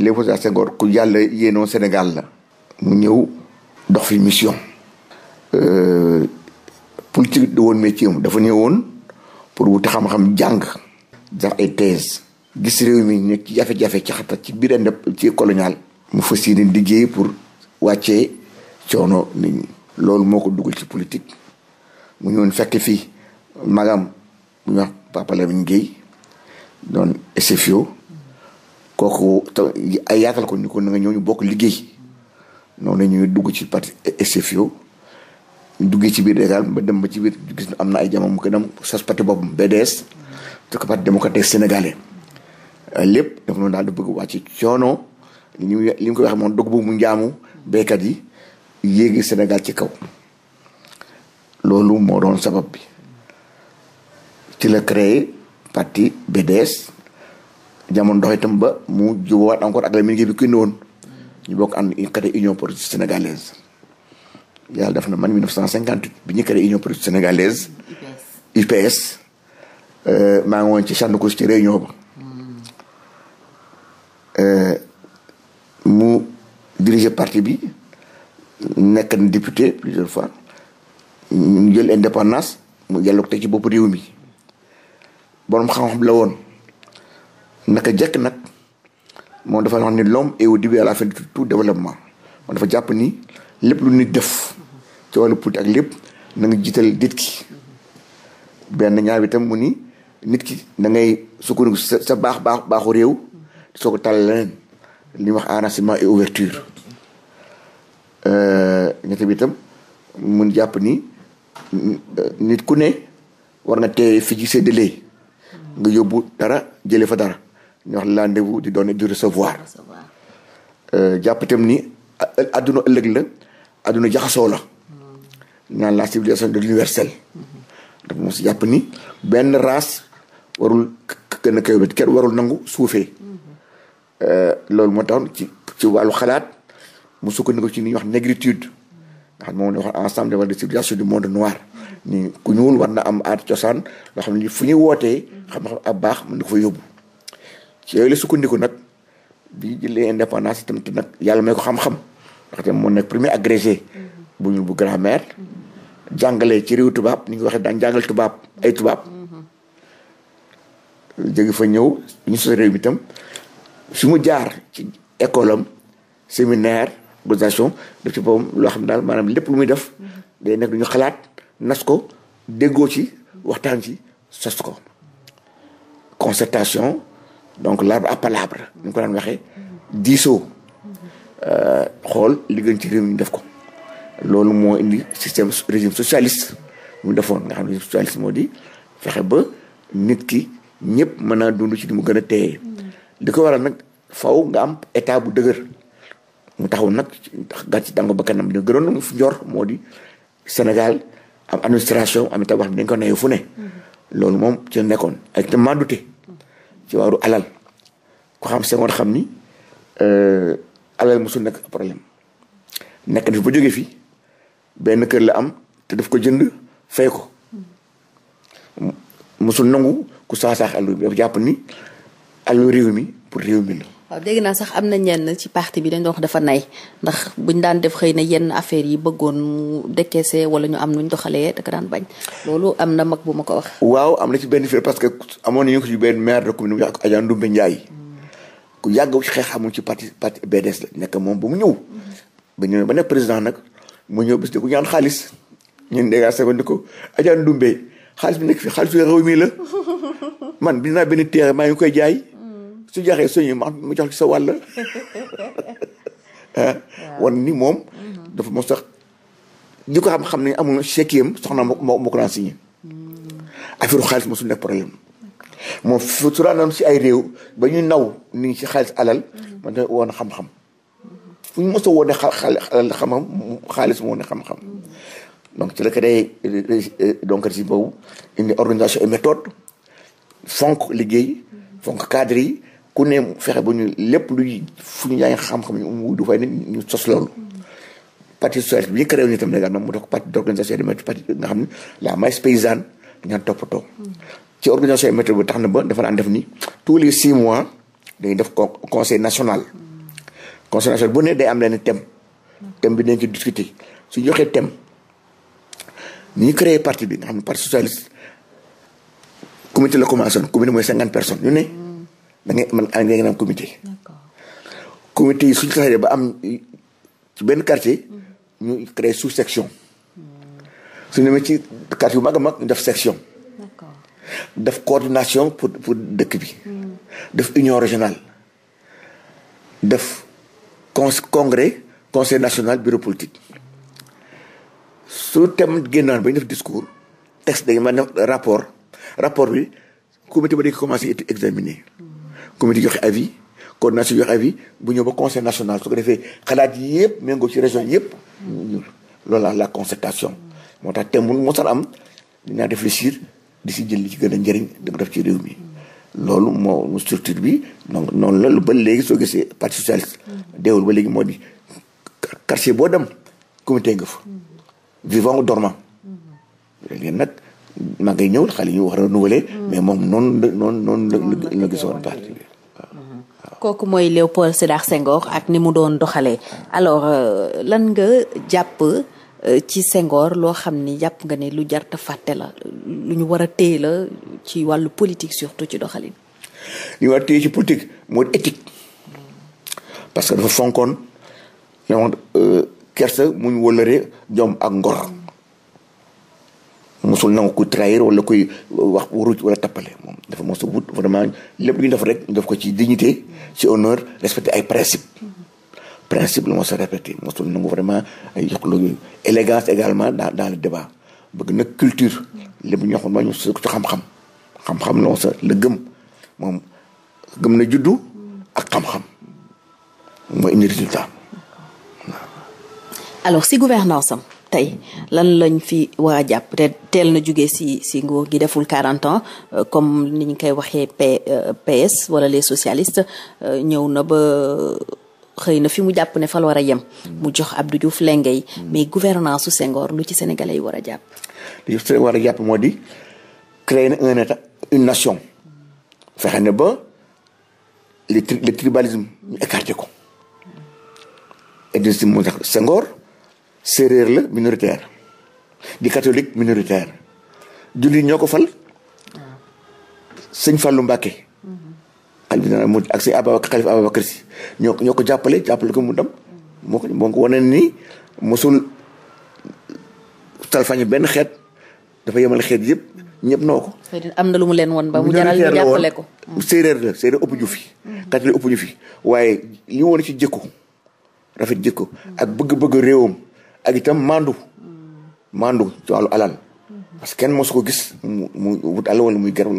Léopold Sédar Senghor ku yàlla yéenoon Sénégal la mu ñëw dox fi mission euh, politique du woon métier am dafa ñëwoon pour wuti xam-xam jàng sax ay thèse gis réew mi nekk jafe-jafe ca xata ci biir ndep ci colonial mu fas yéene liggéey pour wàcce coono nit ñi loolu moo ko dugal ci politique mu ñëwoon fekk fii magam bu ñu wax Papa Lamine Guèye doon SFIO kooku ay yaatal ko ni ko na nga ñëw ñu bokk liggéey noonu la ñuy dugg ci parti SFIO ñu duggee ci biir Sénégal ba dem ba ci biir gis na am na ay jamono mu ko dem sos parti boppam BDS te ko parti démocratique sénégalais lépp dafa noonu daal di bëgg wàcc coono li ñu li ñu ko waxee moom mu njaamu béykat yi yéegi Sénégal ci kaw loolu moo doon sabab bi ci la créé parti BDS jamono dox itam ba mu jubóowaat encore ak la mi ngi bi kenn woon ñu bokk ànd créé union politique sénégalaise yàlla def na man 1958 bi ñu créé union politique sénégalaise UPS euh, maa ngi woon ci Chantecourt ci réunion euh, mu diriger parti bi nekk na député plusieurs fois ñu jël indépendance mu jàllog te ci bopp réew mi borom xam-xam la woon naka jekk nag moo dafa wax ni l'homme est au début à la de tout développement moom dafa jàpp ni lépp lu nit def ci wàllu politique lépp na nga jiital nit ki benn ñaar bi tam mu ni nit ki da ngay sukkandiku sa sa baax baax baaxu réew soo ko tàll leneen ñuy wax enracinement et ouverture euh, ñette mun jàpp ni nit ku ne war nga teey fi ci séddalee nga yóbbu dara jëlee fa dara ñu wax rendez di donner di recevoir euh, jàpp itam ni adduna ëllëg la adduna jaxasoo la ñaan hmm. la civilisation de l'universel hmm. dafa mos jàpp ni benn race warul gën a kaw kenn warul nangu suufee hmm. euh, moo taxoon ci ci wàllu xalaat mu sukkandiku ci li ñuy wax négritude nga xam moom la wax ensemble des civilisations du monde noir ni ku ñuul war na am aar cosaan loo xam ne fu ñuy wootee xam-xam ab baax mën na ko fa yóbbu ci yooyu la sukkandiku nag bi jëlee indépendance itam nag yàlla may ko xam-xam ndaxte moo nekk premier agrégé bu ñu bu grammaire jàngale ci réew tubaab ni ñu waxee daan jàngal tubaab ay tubaab jóge fa ñëw ñu sos réew mi itam su mu jaar ci école am séminaire organisation def ci boppam loo xam daal maanaam lépp lu muy def day nekk lu xalaat nas ko déggoo ci waxtaan ci sos ko concertation donc l'arbre à palabre ñu ko daan waxee diisoo euh, xool li ci réew mu ñu def ko loolu moo indi système régime socialiste mu defoon nga xam ne socialiste moo di fexe ba nit ki ñëpp mën a dundu ci di mu gën a téye li ko waral nag faw nga am état bu dëgër mu taxaw nag gàc ci dango ba kanam li gënoon na fu fi moo di Sénégal am administration am état boo xam ne dañ ko nayoo fu ne mm-hmm. loolu moom ci nekkoon ak te mandute ci waaru alal ku xam Senghor xam ni euh, alal mosul nekk problème nekk na fi ba jógee fi benn kër la am te daf ko jënd fay ko mosul nangu ku saa saax àllu bi dafa jàpp ni àllu réew mi pour réew mi la waaw dégg naa sax am na ñeen ci parti bi dañ doon wax dafa nay ndax buñ daan def xëy na yenn affaire yi bëggoon mu décaissé wala ñu am nuñ doxalee da ko daan bañ loolu am na mag bu ma ko wax. waaw am na ci benn fii parce que amoon nañu ko ci benn maire de commune bu ñuy wax Adja Ndoumbe Ndiaye. Hmm. ku ci parti parti BDS la nekk moom bu mu ñëw. Hmm. ba ñëw ba nekk président nag mu ñëw bis de ku ñaan xaalis ñun dégg naa seconde ko Adja Ndoumbe xaalis bi nekk fii xaalis bi réew mi la man bi naa benn téere maa ngi koy jaay. su jaxee suñu ma mu jox sa wàll ni moom dafa mos ñu ko xam xam ne amul chekiyam soxna moo moo ko daan signé hmm. affaire xaalis mosul nekk problème moom fu su daan si ay réew ba ñu naw ni ngi si xaalis alal hmm. man te woon xam-xam fu ñu woone xaalis moo xam-xam hmm. donc ci la créé donc rési boobu organisation et méthode fonk liggéey fonk cadre yi ku ne fexe ba ñu lépp luy fu ñu jaay xam-xam ñu du fay ne ñu sos loolu. parti socialiste bi ñu créé wu ñu itam également parti d' organisation des maîtres parti nga xam ne la maïs paysanne ñaan toppatoo. ci organisation des maîtres tax na ba dafa daan def nii tous les six mois dañuy def conseil national. conseil national bu ne day am ne thème. thème bi dañ ci discuter su ñu joxee thème ni ñu créé parti bi nga xam ne parti socialiste comité la commencé woon mooy cinquante personnes ñu ne. da ngay man da ngeen am comité. comité yi ba am ci benn quartier. ñu créé sous section. Hmm. suñu demee ci quartier bu mag a ñu def section. def coordination pour pour dëkk bi. Hmm. def union régionale. def con conseil national bureau politique. su thème génnaan ba ñu def discours texte dañu mën a rapport rapport bi comité ba dañu commencé examiner. Hmm. comité joxe avis coordination joxe avis bu ñëw ba conseil national su ko defee xalaat yi yëpp ci région yëpp loolu la la concertation moo tax thème bu mu mosal am dinaa réfléchir di si jël li ci gën a njëriñ di ko def ci réew mi loolu moo structure bi donc noonu la lu ba léegi soo gisee parti socialiste deewul ba léegi moo di quartier boo dem comité nga fa vivant ou dormant léegi nag maa ngay ñëw xale yi ñu war a renouveler mais moom noonu noonu noonu la kooku mooy Léopold Sédar Senghor ak ni mu doon doxalee alors euh, lan nga jàpp euh, ci sengoor loo xam ni jàpp nga ne lu jarta fàtte la lu ñu war a téye la ci wàllu politique surtout ci doxalin. li war a ci politique mooy éthique parce que dafa fonkoon yow euh, kersa mu ñu jom ak ngor. mosul nangu ku trahir wala kuy wax waru wala tappale moom dafa mos a wut vraiment lépp lu ñu def rek ñu def ko ci dignité ci honneur respecter ay principe principe la mos a répété mosul nangu vraiment ay yokku élégance également daal dans le débat bëgg nag culture lépp ñu waxoon ma ñu su ci xam-xam xam-xam la mos a la gëm moom gëm na juddu ak xam-xam mooy indi résultat alors si tey lan lañ fi war a jàpp te teel na jóge si si nguur gi deful quarante ans euh, comme ni ñu koy waxee P euh, PS wala les socialistes euh, ñëw na ba xëy na fi mu jàpp ne fa war a yem. mu jox Abdou Diouf lengay mais gouvernance su Senghor lu ci sénégalais yi war a jàpp. li ci war moo di na un fexe na ba le tribalisme ñu écarté ko. et de séeréer la minoritaire di catholique minoritaire jullit ñoo ko fal sëñ falu Mbacké xalif dana ak si Ababacar xalif Ababacar si ñoo ko jàppale jàppale ko mu dem moo ko moo ko wane benn xeet dafa yemal xeet yëpp ñëpp noo ko. am na lu mu leen won ba mu jaral ñu jàppale ko. Mm. séeréer la séeréer ëpp ñu mm. catholique ëpp ñu waaye li ñu ci jikko rafet jikko ak bëgg-bëgg réewam. ak itam mandu mandu ci wàllu alal parce que kenn mosu ko gis mu mu wut alal wala muy garab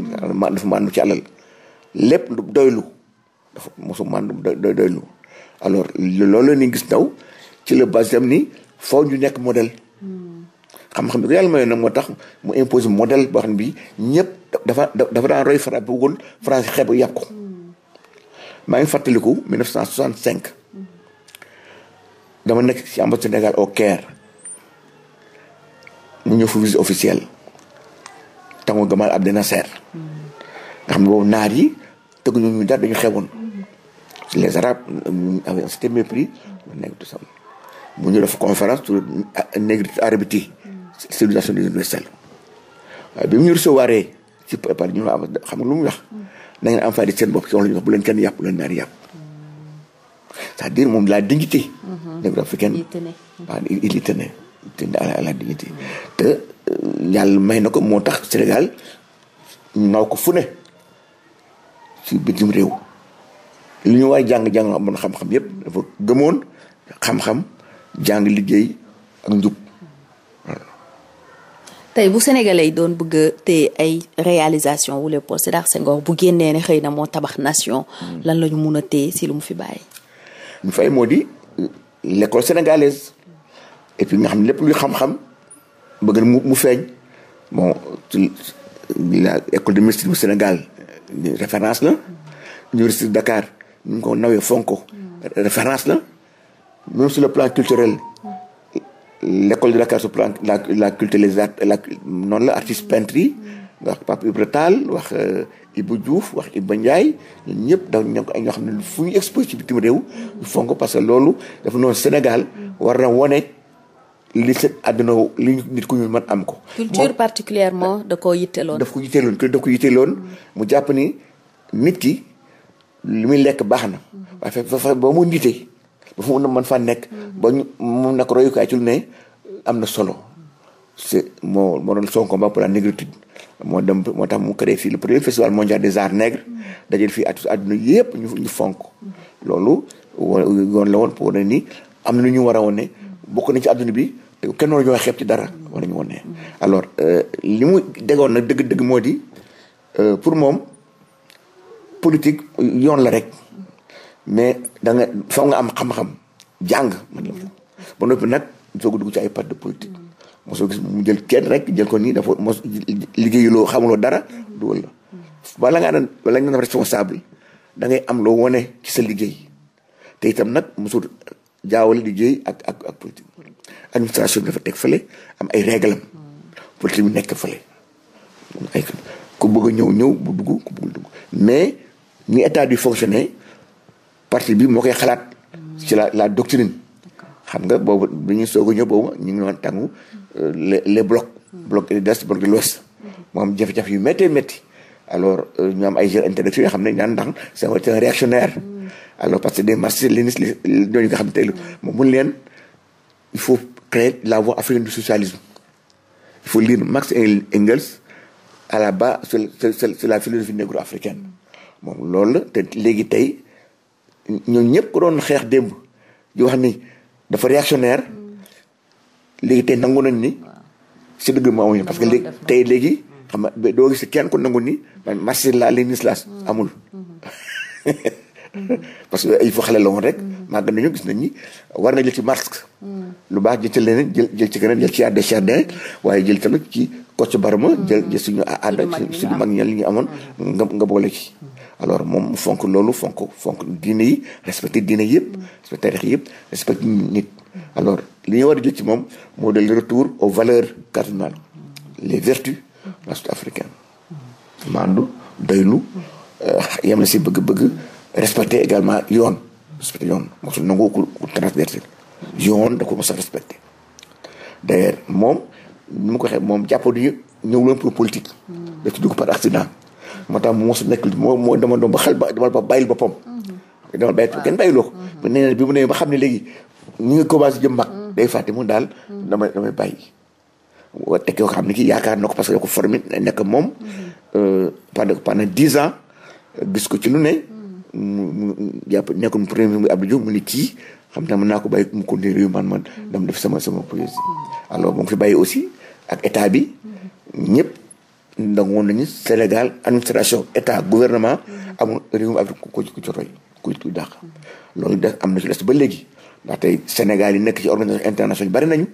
dafa mandu ci alal lépp du doylu dafa mosu mandu doylu alors loolu ni gis ndaw ci la base ni foo ñu nekk modèle xam-xam bi ko yàlla mayoon na moo tax mu impose modèle boo xam ne bii ñëpp dafa dafa daan roy Fra bu woon France xeeb yàpp ko maa ngi fàttaliku dama nekk ci ambassade Sénégal au Caire mu ñëw fu visite officielle tango Gamal Abdel mm. nga xam ne boobu naar yi tëgg ñu ñu dara dañu xewoon mm-hmm. les arabes avaient un certain mépris mu nekk tout ça mu ñu def conférence sur négritude arabité mm. civilisation universelle waaye bi mu ñu recevoir ci par ñu xam nga lu mu wax mm. na la ñu wax yàpp bu leen naar c'est-à-dire moom la dignité. Mhm. négro-africaine waaw il y tenait il tenait à la te euh, yàlla may na ko moo tax Sénégal ñu naw ko fu ne ci bitim réew. lu ñu waay jàng jàng amoon xam-xam yépp dafa gëmoon xam-xam jàng liggéey ak njub. tey bu sénégalais yi doon bëgg téye ay réalisation wu Léopold Sédar Senghor bu génnee ne xëy na moo tabax nation. Hmm. lan lañu ñu mun a téye si lu mu fi bàyyi. ñu fay moo di l'école sénégalaise et puis nga xam ne lépp luy xam-xam bëgg na mu feeñ bon la école de médecine bu Sénégal euh, référence la université de Dakar ñu ko nawee fonk ko référence la même sur le plan culturel l'école de Dakar sur la culture les arts la la artiste peintre nga wax Pape Ibra Tall wax euh, Ibou Diouf wax Iba njaay ñun ñëpp daw ñoo ko ay ñoo xam ne fu ñu exposé ci bitim réew ñu fonk parce que loolu dafa noonu Sénégal war na wone li seen àdduna li nit ku ñu mën am ko culture particulièrement da ko yitteloon daf ko yitteloon daf ko yitteloon mu jàpp ni nit ki li muy lekk baax na waaye fexe fexe ba fa nitee ba fu nekk ba ñu mun nag royukaay ci ne am na solo c'est moo moo doon son combat pour la négritude moo dem moo tax mu créé fii le premier festival mondial des arts nègres dajale fii at àdduna yëpp ñu fonk loolu woon la woon pour ne ni am na lu ñu war a wone bokk ci àdduna bi te kenn war ñoo xeeb ci dara euh, li mu déggoon nag dëgg-dëgg moo di euh, pour moom politique yoon la rek mais danga nga foog nga am xam-xam jàng man la ba noppi nag soog a dugg ci ay parti de politique mosoo jël kenn rek jël ko nii dafa mos liggéeyuloo xamuloo dara dugal la bala ngaa doon bala nga doon responsable da ngay am loo wone ci sa liggéey te itam nag mosul jaawale liggéey ak ak ak politique administration bi dafa teg fële am ay réglam politique bi nekk fële ku bëgg ñëw ñëw bu dugg mais mu état bi fonctionner parti bi moo koy xalaat mm. ci la la doctrine xam nga boobu bi ñu soog a ñëw boobu ñu ngi woon tàngu les les blocs. bloc de l'est bloc de jafe-jafe yu méttee métti. alors euh, ñu am ay jeunes intellectuels yoo xam ne ñaan ndax c'est un réactionnaire. alors parce que des marxistes léninistes ñooñu nga xam ne tey moom mun leen il faut créer la voie africaine du socialisme. il faut lire Marx et à la base sur la philosophie négro-africaine. moom loolu la te léegi tey ñooñu ñëpp ko doon xeex démb di wax dafa réactionnaire. léegi tey nangu nañ ni si dëgg mu amuñu parce que léegi tey léegi xam nga doo gis kenn ku nangu ni man marché la li nislas amul mm-hmm. parce que ay fa xale la woon rek mm-hmm. màgg nañu gis nañ ni war na jël ci masque mm-hmm. lu baax jël ci leneen jël ci keneen jël ci àdde jardin waaye jël tamit ci Kocc Barma jël jël suñu àdda suñu mag ñi li ñu amoon nga nga boole ci alors moom fonk loolu fonk fonk diine yi respecté diine yëpp respecté tarix yëpp respecté nit alors li ñu war a jël ci moom moo del retour aux valeurs cardinales les vertus la société africaine maandu doylu euh, yemale si bëgg-bëgg respecter également yoon respecter yoon mosul nangoo ku transversé yoon da ko moom ni mu moom jàppo ñëw pour politique mm. daf ci dugg par accident moo tax mu mos nekk moo moo dama doon ba xel ba dama ba bàyyil boppam mm-hmm. dama kenn bàyyiloo ko mm-hmm. bi mu ne ba xam ne léegi ñu ngi commencé jëm mag mm. day fàtte mu daal mm. damay damay bàyyi te koo xam ne yaakaar na ko que ko formé nekk moom mm-hmm. euh, pendant pendant dix ans gis ko ci lu ne mm. mu jàpp nekkoon premier ministre Abdou Diouf mu ne kii xam naa mën naa ko bàyyi mu continuer réew def sama sama projet alors mu ngi fi bàyyi aussi ak état bi mm-hmm. ñëpp ndangoon nañu Sénégal administration état gouvernement mm-hmm. amul réewum Afrique ku ci roy ku ci loolu def am na ci des ba léegi ndax tey Sénégal yi nekk ci organisation internationale yi bari nañu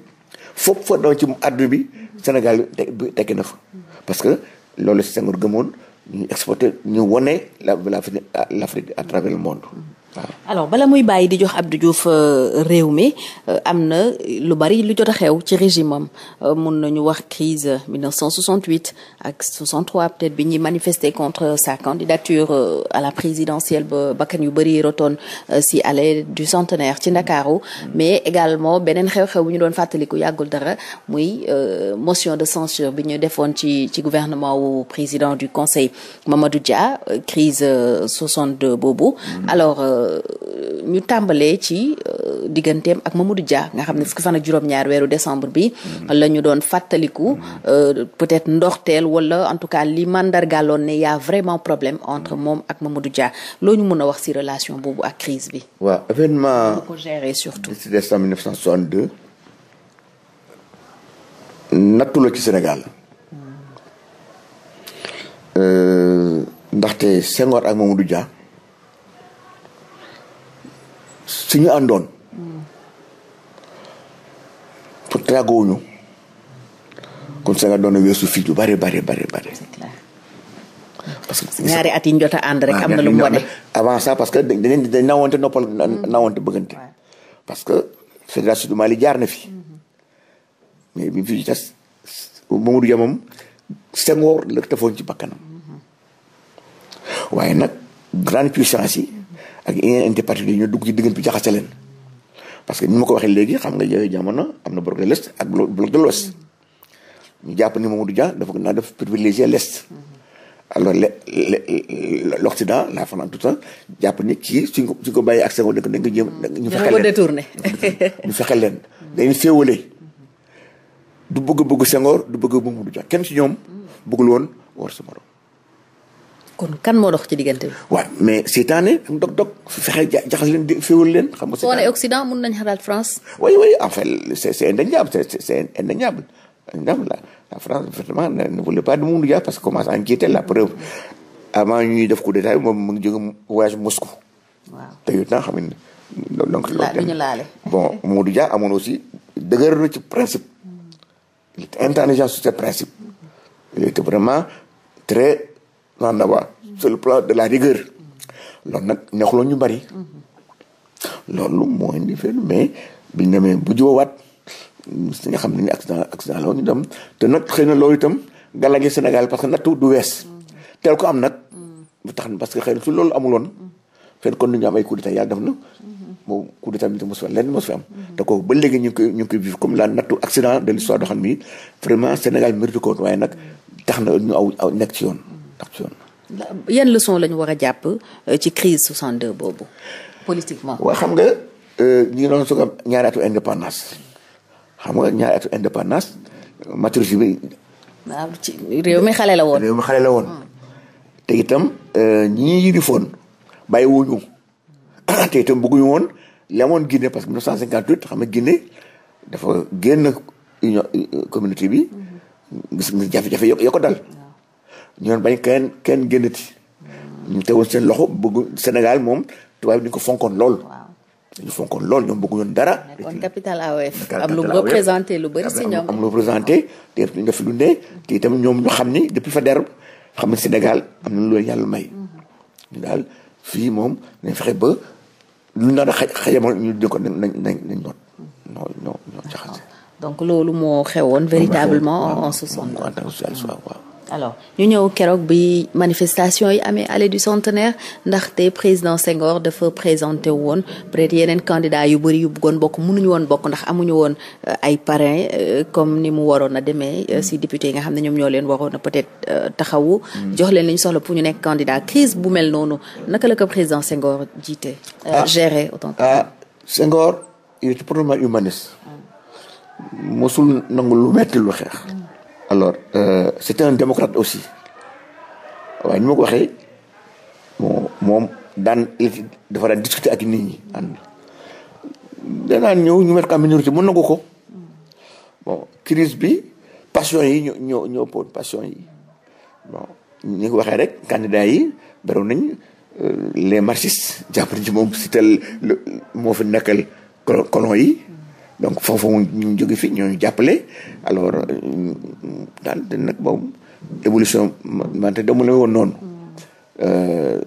foo fa doon ci àdduna bi Sénégal yi tekki na fa parce que loolu si Senghor gëmoon ñu exporté ñu wone la l'Afrique à travers le monde alors bala muy bàyyi di jox ab Abdou Diouf euh, réew mi euh, am na lu bari lu jot xew ci régime am euh, mun nañu wax crise 1968 ak 63 peut bi ñuy manifester contre sa candidature à la présidentielle ba bakkan yu bari rotoon si allée du centenaire ci Ndakaaru mais également beneen xew-xew bu ñu doon fàttaliku yàggul dara muy motion de censure bi ñu defoon ci ci gouvernement wu président du conseil Mamadou Dia crise 62 boobu mm. alors Euh, ñu tàmbalee ci euh, digganteem ak Mamadou Dia nga xam ne fukki fan ak juróom-ñaar weeru décembre bi la ñu doon fàttaliku euh, peut-être ndoxteel wala en tout cas li mandargaaloon ne y vraiment problème entre moom ak Mamadou Dia loo ñu mën a wax ci relation boobu ak crise bi waaw événement bu ko gérer surtout 10 décembre 1962 nattu la ci Sénégal ndaxte Senghor ak Mamadou Dia suñu àndoon pour tàggoowuñu kon sa nga doon weesu fii lu bari bari bari parce que ñaari at yi ñu jot a rek ah, am na lu mu avant ça parce que dañu na nawante noppal nawante bëggante. parce que fédération du Mali jaar na fi. mais bi fi tas Mamadou Dia moom Senghor la tafoon ci bakkanam mhm. waaye nag grande puissance ak yeneen ente particulier ñoo dugg ci diggante bi jaxase leen parce que ni ma ko waxee léegi xam nga yooyu jamono am na bloc de l'est ak bloc de l'ouest ñu jàpp ni Mamadou Dia dafa naa def privilégier l'est alors le l'Occident la France tout ça jàpp ni kii suñ ko suñ ko bàyyee ak Senghor dañ ko dañ ko jéem ñu fexe leen détourné ñu fexe leen dañu féewale du bëgg bëgg Senghor du bëgg Mamadou Dia kenn si ñoom bëggul woon war sa morom kon kan moo dox ci diggante waa mais seytaane dog dog fexe ja jaxas leen féewal leen. xam nga seytaane Occident mun nañ xalaat France. oui oui en fait c'est c'est indéniable c'est la la France vraiment ne voulait pas du Mondial parce que commence à inquiéter la preuve avant ñuy def ku d'état moom mu ngi jóge voyage Moscou. waaw te yow itam xam nga loolu donc. ñu laale bon Mamadou Dia aussi dëgër na ci principe. il était intransigeant sur vraiment en avant sur plan de la rigueur loolu nag neexuloo ñu bari loolu moo indi mais biñ demee bu joowaat si nga xam ne accident accident la ñu dem te nag xëy na loolu itam gàllankoor Sénégal parce que nattu du wees teel ko am nag bu tax parce que xëy na su loolu amuloon fenn kon du ñu am ay coup d'état yàlla def na moo coup d'état bi mosu fa lenn mosu fi am te ko ba léegi ñu ngi koy ñu ngi koy vivre comme la nattu accident de l'histoire doo xam ni vraiment Sénégal mérite ko waaye nag tax na yan leçon la ñu war a jàpp euh, ci crise 62 boobu politiquement. waaw xam nga euh, ñu ngi doon soog a ñaari indépendance xam nga ñaari atu indépendance maturité bi. waaw ci réew mi xale la woon xale la woon. te itam euh, ñi yi di foon bàyyi wuñu te itam bëgguñu woon li amoon parce que 1958 xam nga Guinée dafa génn union communauté bi. Mm-hmm. gis nga jafe-jafe yoo dal. ñoon bañ kenn kenn génnati ñu mm. seen loxo bëgg Sénégal moom te bi ñu ko fonkoon lool. dañu fonkoon lool ñoom bëgguñoon dara. nekkoon capital AOF am lu représenté lu bari si ñoom. am lu représenté te ñu def lu ne te itam ñoom ñu xam ni depuis Faidherbe xam ne Sénégal am na loolu yàlla may. Mm-hmm. daal fii moom nañ fexe ba lu nar a xaj xajamal ñu di ko nañ nañ nañ doon non non non jaxase. donc loolu moo xewoon véritablement en 60. waaw waaw waaw. alors ñu ñëw keroog bi manifestation yi amee allée du centenaire ndaxte président Senghor dafa présenté woon peut-être yeneen candidat yu bëri yu buggoon bokk munuñu woon bokk ndax amuñu woon euh, ay parrain euh, comme ni mu waroon a demee euh, si député yi nga xam ne ñoom ñoo leen waroon a peut-être taxawu. Mm. jox leen li ñu soxla pour ñu nekk candidat crise bu mel noonu naka la ko président Senghor jiite. Ah. géré autant que. ah Senghor il est humaniste. Mm. mosul nangu lu metti lu xeex. Mm. alors euh, c'était un démocrate aussi waaye ni ma ko waxee moom daan dafa daan discuter ak nit ñi ànd danaa ñëw ñu mettre en minorité mën nangu ko bon crise bi passion yi ñoo ñoo passion yi bon ñu ko waxee rek candidat yi bariw nañ euh, les marxistes moom si tel moo fi nekkal colon yi donc foofu ñu jóge fi ñooñu jàppale alors euh, daal di nag boobu évolution mante demule woon noonu euh,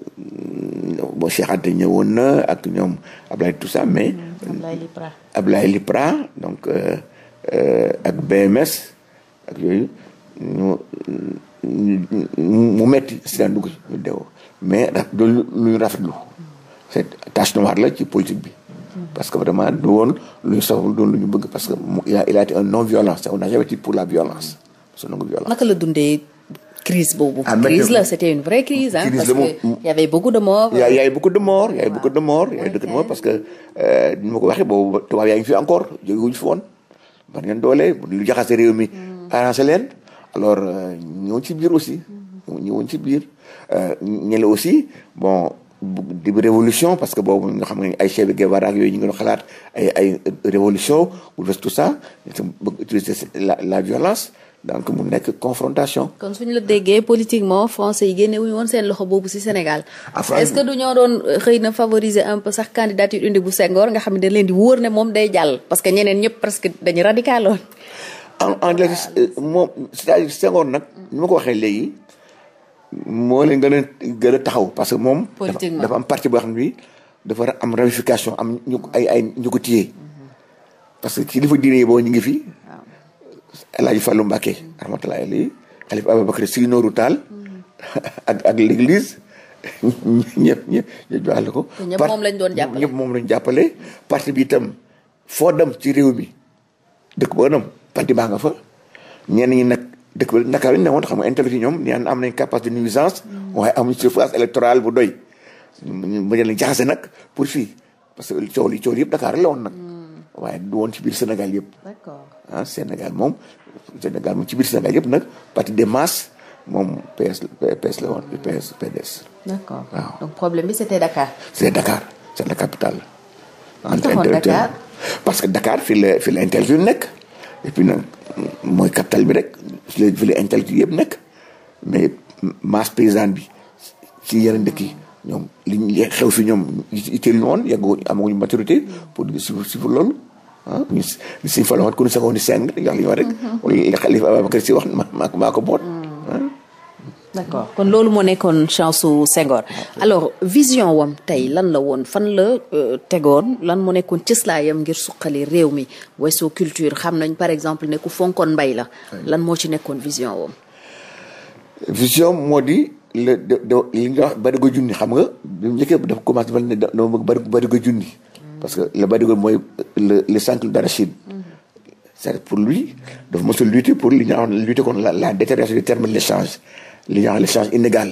bon Cheikh ñëwoon na ak ñoom Ablaye tout ça mais mm, Ablaye Lipra donc euh, ak BMS ak yooyu ñu mu metti si daan dugg ñu deewoo mais daf doolu luñu rafetlu c'est tâche noire la ci politique bi parce que vraiment du lu ñu saful lu ñu bëgg parce que il a il a un non violence on n'a jamais été pour la violence parce que nangu violence. naka la dundee crise boobu. Ah, crise la c'était une vraie crise parce que y avait de morts. y avait beaucoup de morts y avait de morts parce que euh, ni ma ko waxee boobu tubaab yaa ngi fi encore jóge fi woon. bari ngeen doole lu jaxase réew mi. Mm. arrangé leen alors euh, ñëwoon ci biir aussi. ñëwoon ci biir ñeneen aussi di révolution parce que boobu nga xam ne ay Che Guevara ak yooyu ñu ngi doon xalaat ay ay euh, révolution ou bien tout ça utiliser la la violence donc mu nekk confrontation. kon suñu la déggee politiquement français yi génne wuñu woon seen loxo boobu ci Sénégal. est-ce que du ñoo doon euh, xëy na favoriser un peu sax candidature indi bu Senghor nga xam ne leen di wóor ne moom day jàll parce que ñeneen ñëpp presque dañu radicaloon. en en euh, moom c'est-à-dire Senghor nag. ni ma ko waxee léegi. moo leen gën a a taxaw parce que moom. dafa am parti boo xam ne bii dafa am ramification am ñu ay ay ñu ko téye parce que ci li fa diine boo ñu ngi fi. El Hadj Fallou Mbacké rahmatullahi alayhi Alif Ababacar Sy Nooru Taal ak ak l'église ñëpp ñëpp ñëpp joxal ko. ñëpp moom lañ jàppale ñëpp moom lañ jàppale. parti bi itam foo dem ci réew mi dëkk boo dem parti baa nga fa ñenn ñi nag. dëkk ba Ndakaaru ñu ne woon xam nga intellectu ñoom ñaan am nañ capacité de nuisance waaye amuñ surface électorale bu doy mu jël jaxase nag pour fii parce que coow li coow li yëpp Dakar la woon nag hmm. waaye du woon ci biir Sénégal yëpp ah Sénégal moom ci biir Sénégal yëpp nag parti des masses moom PS PS la bi c'était Dakar c'était Dakar c'est parce que Dakar fi la fi la intellectu nekk et nag mooy capital bi rek fi la fi la intellectuel yëpp nekk mais masse paysanne bi ci yeneen dëkk yi ñoom li ñu xew si ñoom itteeluñu woon yàgguñu amaguñu maturité pour di suivre suivre loolu ah. si ñu si ñu fa la waxoon ku ñu saxoon di wax rek. Mm-hmm. wala xalifa Ababacar si wax maa ko boot. d'accord kon loolu moo nekkoon chance su Senghor alors vision wam tey lan la woon fan la euh, tegoon lan moo nekkoon laa cëslaayam ngir suqali réew mi weesoo culture xam nañ par exemple ne ku fonkoon mbay la lan moo ci nekkoon vision wam vision moo di le li nga wax barigo junni xam nga bi mu njëkkee dafa commencé mel ne dama bëgg barigo junni parce que le barigo mooy le le centre d'arachide mm-hmm. c'est pour lui dafa mos a pour li nga xam la la détérioration des termes li ñuy wax l'échange inégal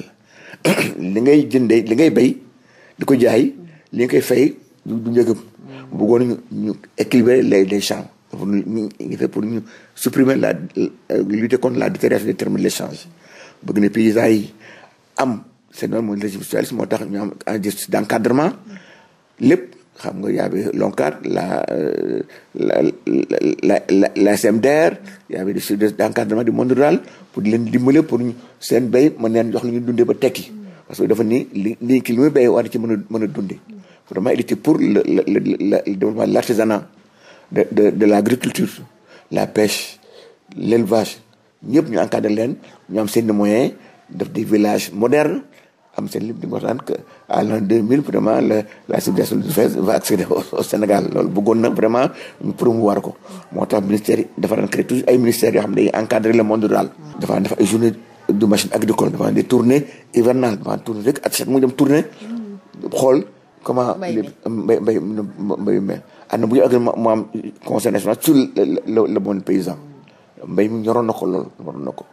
li ngay jëndee li ngay bay di ko jaay li nga koy fay du njëgam bu bëggoon ñu équilibrer les les champs pour pour ñu supprimer la euh, lutter contre la différence des termes de l'échange bëgg na paysans yi am seen noonu mooy régime moo tax ñu am injustice d'encadrement lépp xam nga y avait la la la la la SMDR y avait des structures d'encadrement du monde rural pour leen dimbale pour seen bay mën neen jox lu ñu dunde ba tekki parce que dafa ni li lii ki li muy béy war ci mën a mën a dundee vraiment il pour le développement de l'artisanat de de de l'agriculture la pêche l'élevage ñëpp ñu encadré leen ñu am seen moyen def des village modernes am seen lim di waxtaan que à l'an 2000 vraiment la la civilisation du Fès va accéder au Sénégal loolu vraiment ñu promouvoir ko moo tax ministère yi dafa daan ay ministères yoo xam ne day encadrer le monde rural. dafa def ay journée du machine agricole dafa di tournée hivernale dafa tournée rek at chaque mu dem tournée. xool comment. mbay mbay mbay mbay mi ànd bu ñu ak mu am conseil national sur le le le bon paysan. mbay mi ñoroon na ko lool ñoroon na ko.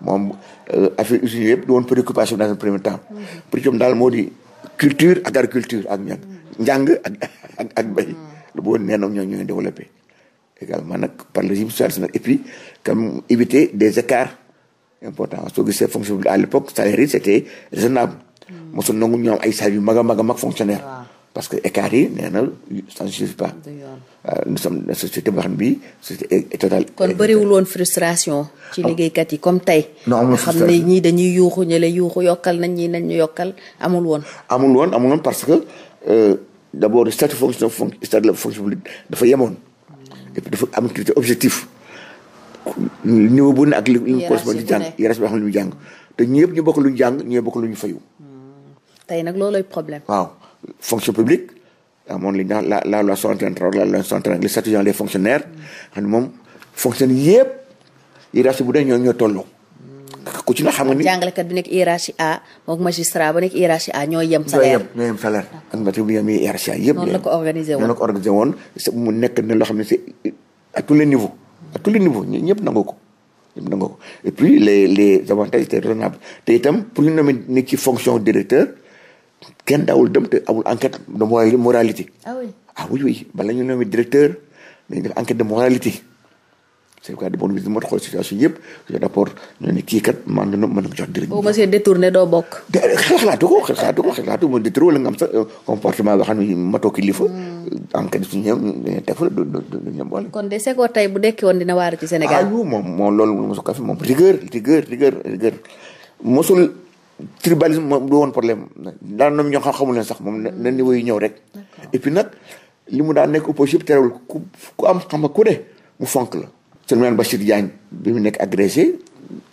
moom euh, affaire usines yëpp du woon préoccupation dans un premier mm-hmm. daal moo di culture ak agriculture ak ña mm-hmm. njàng ak ak ak mbay mm-hmm. lu ñoo ñooy développé également nag par le régime socialiste nag et puis comme éviter des écarts importants soo gisee fonction à l'époque salaire yi c'était raisonnable mosoon nangu ñoom ay salaire yu mag a mag a mag fonctionnaire parce que écart yi nee na ça ne suffit pas Euh, nous sommes une société boo xam ne bii woon frustration. ci liggéeykat yi comme tey. non xam ne ñii dañuy yuuxu ñu la yuuxu yokkal nañ ñii nañ ñu yokkal amul woon. amul woon amul woon parce que euh, d' abord statut fonction statut de la fonction dafa yemoon. dafa am activité objectif. niveau bu ak li ñu correspond di jàng yarasi lu jàng te ñu yëpp ñu bokk lu jàng ñu bokk lu ñu fayu. Hmm. tey nag loolooy problème. waaw fonction publique. amoon li ñu la la leçon introductoire la leçon introductoire les statuts les fonctionnaires xam moom fonctionnaire yépp hiérarchie bu dee ñoo ñoo ku ci na xam ni jàngalekat nekk hiérarchie A moom A A yëpp. noonu xam ne c'est à tous les niveaux à tous les niveaux ñëpp nangu ko et puis les les avantages étaient raisonnables te itam pour ñu nit ci fonction directeur. kenn daawul dem te amul enquête de moralité. ah oui ah oui oui bala directeur de moralité. c'est de bonne visite moo ko jox directeur. boo mësee détourné doo bokk. xalaatu ko xalaatu ko xalaatu ko détourné wala nga am sa euh, comportement boo xam ne matoo kilifa. Hmm. enquête su ñëw ñu teg fa du du du de Seko bu dekki woon dina waar ci Sénégal. ah moom moom loolu mosu ko fi moom rigueur rigueur rigueur rigueur mosul tribalisme moom du woon problème daan ñoom ñoo xam xamul leen sax moom na niveau yi ñëw rek. et puis nag mu daan nekk opposition terewul ku ku am xam ku mu fonk la. Souleymane Bachir Diagne bi mu nekk agrégé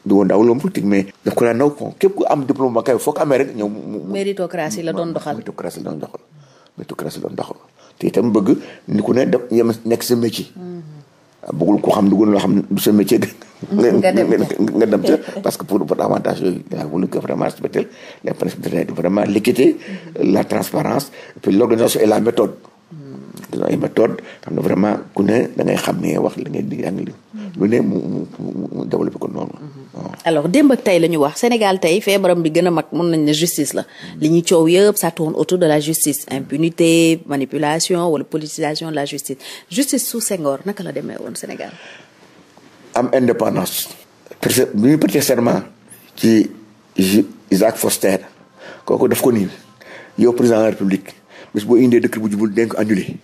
du woon daaw loolu politique mais daf ko daan naw kon képp ku am diplôme ba kay foog amee rek ñëw la doon doxal méritocratie la la doon doxal te bëgg ni ku ne def yem nekk sa métier. Mm-hmm. bëggul ku xam dugg loo xam du sa métier parce que pour pour avantage yooyu vraiment respecter les principes de vraiment l'équité la transparence puis l'organisation et la méthode dina ay vraiment ku ne dangay xam ne wax li ngay di jàng li lu ne mu mu ko noonu waaw alors démb ak tey la ñu wax Sénégal tey feebaram bi gën a mag mën nañ ne justice la li ñuy coow yëpp ça tourne autour de la justice impunité manipulation wala politisation de la justice justice sous Senghor naka la demee woon Sénégal am indépendance pré bi ñu serment ci Isaac Foster kooku def ko nii yow président de la république bis boo indee dëkk bu jubul dénk annulé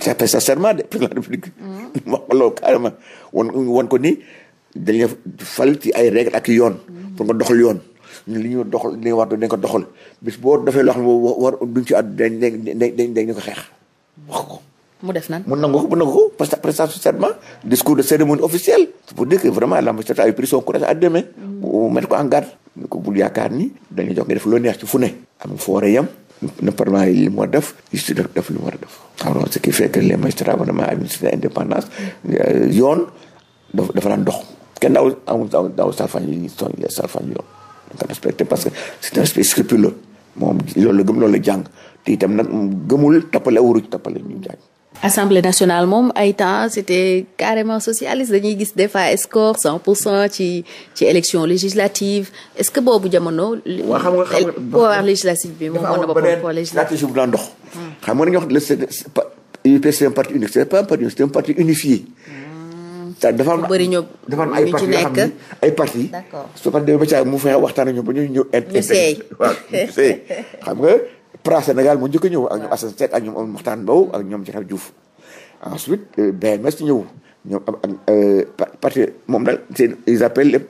ça presta serment de président ko mm. loolu carrément wan wan ko ni dañu fal ci ay règle ak yoon mm. pour nga doxal yoon ñun li ñu doxal li ñu war dañ ko doxal bis boo defee loo xam ne war ci àddu dañ ko xeex wax ko mu def nan mu nangu ko mu nangu ko parce que prestation serment discours de cérémonie officielle c'est pour dire que vraiment l'ambassadeur a pris son courage à deux mains mm. mu mettre ko en garde ñu ko bul yaakaar ni dañu jox nga def loo neex ci fu ne am foo war a yem le parlement yi moo def juste def def lu war a def alors ce qui fait que les magistrats vraiment administrer indépendance euh, yoon dafa daan dox kenn daaw daaw daaw salfaañ yi son salfaañ yoon dafa respecté parce que c'est un esprit scrupuleux moom loolu la gëm loolu la jàng te itam nag gëmul tappale wuru tappale ñu jàng assemblée nationale moom ay temps c'était carrément socialiste dañuy gis des fois score cent pour cent ci ci élection législative est-ce que boobu jamono. waaw xam nga xam nga pouvoir législatif bi moom mën na boppam pouvoir législatif bu daan dox. Hmm. xam nga li ñuy wax le UPC c'est un parti unique c'est pas un parti unique c'est un parti unifié. Hmm. dafa am dafa am ay parti yoo xam ne ay parti d'accord su ko defee ba caa mu fexe waxtaan ak ñoom ba ñu ñëw. ñu seey waaw ñu seey xam nga. pra Sénégal mu njëkk a ñëw ak ñoom Assane Seck ak ñoom Amadou Mokhtar ak ñoom Jaxar Diouf ensuite euh, BMS ñëw ñoom euh, euh, parti moom daal c'est ils appellent le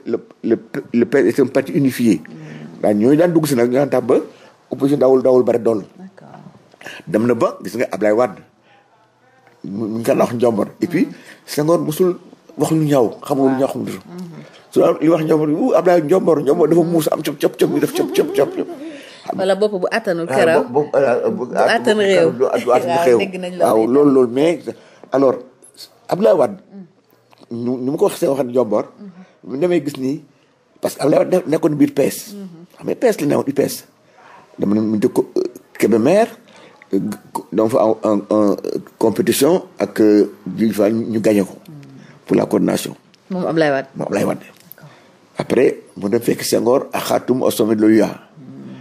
le le le c'est un parti unifié. daañu mm. daan dugg si nag ñu daan tax ba opposition daawul daawul bari dool dem na ba gis nga Ablaye Wade mu mu ngi wax njombar et puis mm. Senghor musul wax lu ñaaw xamul lu ñaaw xamul. Mm-hmm. su li wax njombar bu Ablaye njombar njombar dafa mm-hmm. muus am cop cop cop cop. wala bopp bu attanul ah, karaw ah, bu attan réew bu attan réew waaw loolu loolu mais alors Abdoulaye Wade ñu mm. ñu ma ko waxee waxat jomboor mu mm-hmm. demee gis nii parce que Abdoulaye Wade nekkoon biir PS mm-hmm. xam nga PS la newoon UPS dama ne mu jëkk ko euh, Kébémer euh, donc fa en compétition ak euh, Djibril Fall ñu gagné ko mm. pour la coordination moom Abdoulaye Wade moom Abdoulaye Wade après mu dem fekk Senghor ak Khatoum au sommet de l'OUA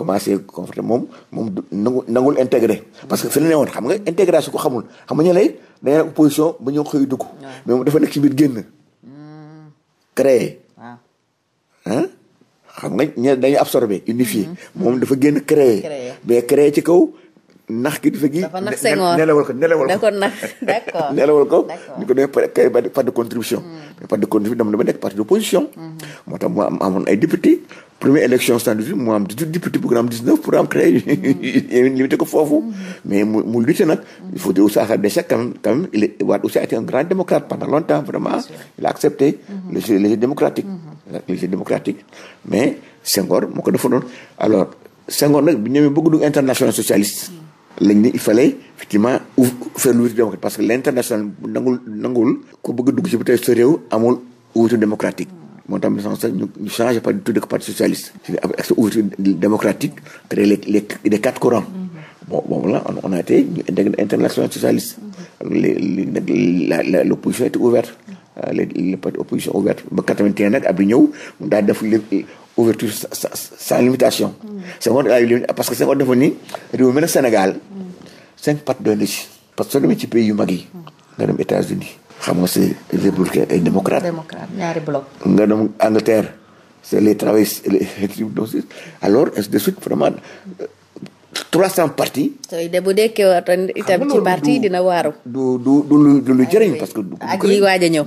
commencé confrère moom moom nangu nangul intégré parce que fi woon xam nga intégration ko xamul xam nga ñu lay dañu opposition ba ñoo xëy dugg mais moom dafa nekk ci biir génn hmm. créé ah. xam nga ñe dañuy absorbé unifié mm-hmm. moom dafa génn créé mais créé ci kaw nax gi dafa gi. dafa nax Senghor nelawal ko nelawal ko. d'accord d'accord nelawal ko. ñu ko demee de contribution. Hmm. mais de contribution dama dama nekk parti d'opposition. Hmm. moo tax mu am amoon ay député première élection standard mu am 18 député pour am 19 pour am créé limité ko foofu. Hmm. mais mu mu lutter nag. il faut dire aussi à sa décharge quand même il est Wade aussi démocrate pendant longtemps vraiment. il a accepté. le démocratique. le démocratique mais Senghor moo ko bu ñu demee bëgg dugg international lañ ne il fallait effectivement ouvrir faire l'ouverture démocratique parce que l'international nangul nangul ko bëgg a dugg ci bu amul ouverture démocratique moo tax mi sax ñu ñu changé pas tout de parti socialiste ak sa démocratique créé les les les quatre courants mm-hmm. bon bon là on a ñu international socialiste mm-hmm. les la l'opposition était ouverte euh, les les partis opposition ouverte ba 81 nag ab di ñëw mu daal ouverture sans limitation. Mm. parce que Senghor dafa ni réew mi nag Sénégal. Mm. cinq parties doy que soo demee yu mag yi. Mm. nga dem États-Unis xam nga c'est républicain ay démocrate. démocrate ñaari bloc. Angleterre c'est les travaillistes les alors de suite vraiment euh, trois cent parties. dina waaru. du lu du parce que. ak yi waaj a ñëw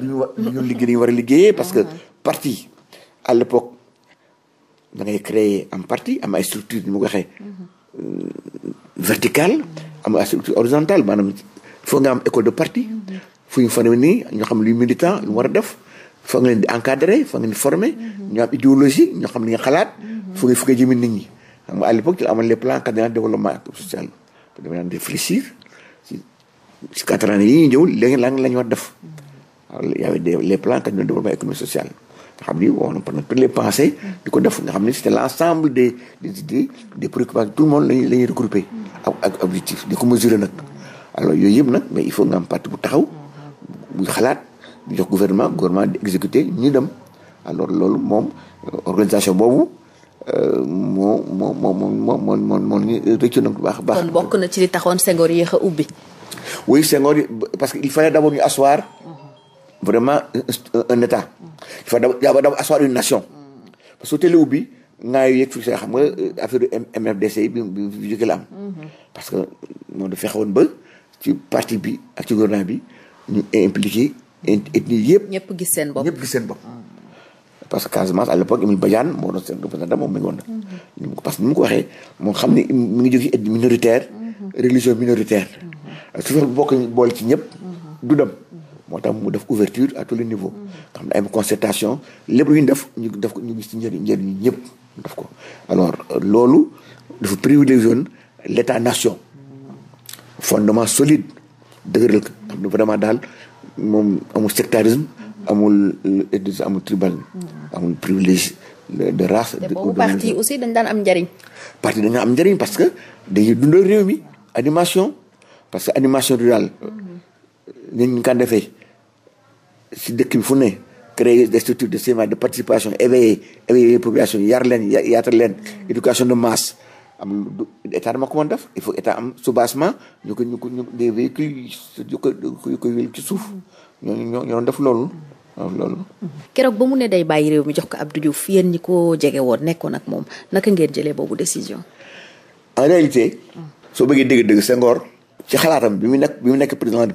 liggéey parce que parti à l'époque da ngay créer am parti am ay structure ni mu ko waxee euh, verticale am ay structure horizontale maanaam foo nga am école de parti fu ñu formé nii ñoo xam luy militant lu war def foo nga leen di encadré foo idéologie ñoo xam li xalaat fu nga fu nga jëmee nit ñi xam nga à l'époque ci amoon les plans quadriennal de développement social dama daan réfléchir yi ñu ñëw léegi lan la ñu war def y avait de développement économique social nga xam ni on peut les penser di ko def nga xam ni c'était l'ensemble des des idées tout le monde lañuy la ak ak objectif ko mesurer nag alors yooyu yëpp nag mais il faut nga am parti bu taxaw bu xalaat bu jox gouvernement gouvernement di exécuter ñu dem alors loolu moom euh, organisation boobu euh, moo moo moo moo moo moo moo ñu rëccu baax baax. kon bokk na ci li taxoon Senghor yéex ubbi. oui Senghor parce que il fallait d'abord ñu asseoir. vraiment euh, un état dafa da daa dafa asseoir une nation parce que télé de ngaa yeeg fii sax xam nga euh, affaire bi bi woon ba ci parti bi ak ci gouvernement bi ñu impliqué ethnie yëpp. ñëpp gis seen bopp ñëpp gis seen bopp. parce que Casamance à l'époque Émile Badiane moo doon seen représentant moom mi ngi woon na. parce que ni ko waxee moom xam ne mi ngi jóge ci minoritaire. religion minoritaire. su fekkee bokk boole ci ñëpp. du dem. moo tax mu def ouverture à tous les niveaux nga xam ne ay concertation lépp lu ñu def ñu def ko ñu gis ci njëriñ njëriñ ñëpp def ko alors loolu dafa privilégié woon l'état nation fondement solide dëgëral ko xam ne vraiment daal moom amul sectarisme amul amul tribal amul privilège de race. te boobu parti aussi dañ daan am njëriñ. parti dañu am njëriñ parce que dañuy dundal réew mi animation parce que animation rural ni ñu kan defee si dëkk bi fu ne créer de structures de cinéma de participation éveiller éveiller population yar leen yaatal leen éducation de masse am état dama ko mën def il faut état am soubassement ñu ko ñu ko ñu des véhicules yu suuf ñoo ñoo def loolu loolu. keroog ba mu ne day bàyyi réew mi jox ko Abdou Diouf yéen ñi ko jege woon nekkoon ak moom naka ngeen jëlee boobu décision. en réalité. soo bëggee dégg-dégg Senghor. ci xalaatam bi mu nekk bi mu nekk président de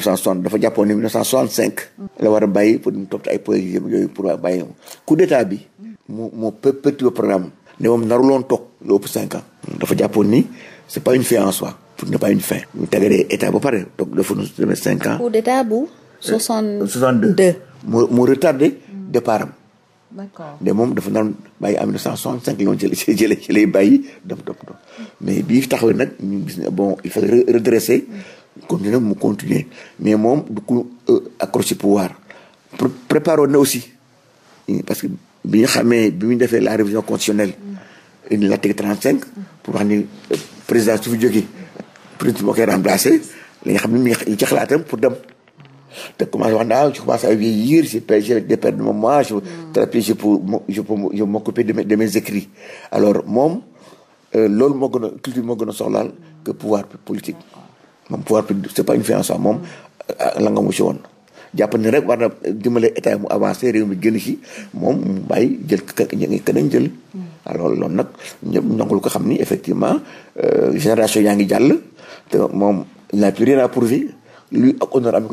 1960 dafa jàppoon ne 1965. la war a bàyyi pour mu topp ay projet yooyu pour waa bàyyi coup d'état bi. mu mu perpétué programme ne moom naruloon toog lu ëpp cinq ans. dafa jàppoon ni c'est pas une fin en soi pour ne pas une fin. ñu tagaree état ba pare toog dafa nu demee cinq ans. coup d'état euh, départ am. d'accord de moom dafa naan bàyyi am 1965 li ma jëlee ci jëlee ci lay bàyyi dem topp mais bii taxawee nag ñu gis ne bon redresser. continuer mu continuer mais moom du ko euh, accroché pouvoir préparoon ne aussi parce que bi ñu xamee bi ñu defee la révision constitutionnelle indi l'article 35 pour wax ni euh, président su fi jógee président moo koy remplacé li nga xam ne mi ngi ci xalaatam pour dem te commencé wax naa je commence à vieillir j'ai des pertes de mémoire je mm. thérapie je peux je m'occuper de mes écrits alors moom euh, loolu moo gën a culture moo gën a soxlaal que pouvoir politique moom pouvoir public c'est pas une finance moom euh, la nga a si woon jàpp ni rek war na dimbale état mu avancé réew mi génn ci moom mu bàyyi jël keneen jël mm. alors loolu nag ñëpp nangul ko xam ni effectivement euh, génération yaa ngi luy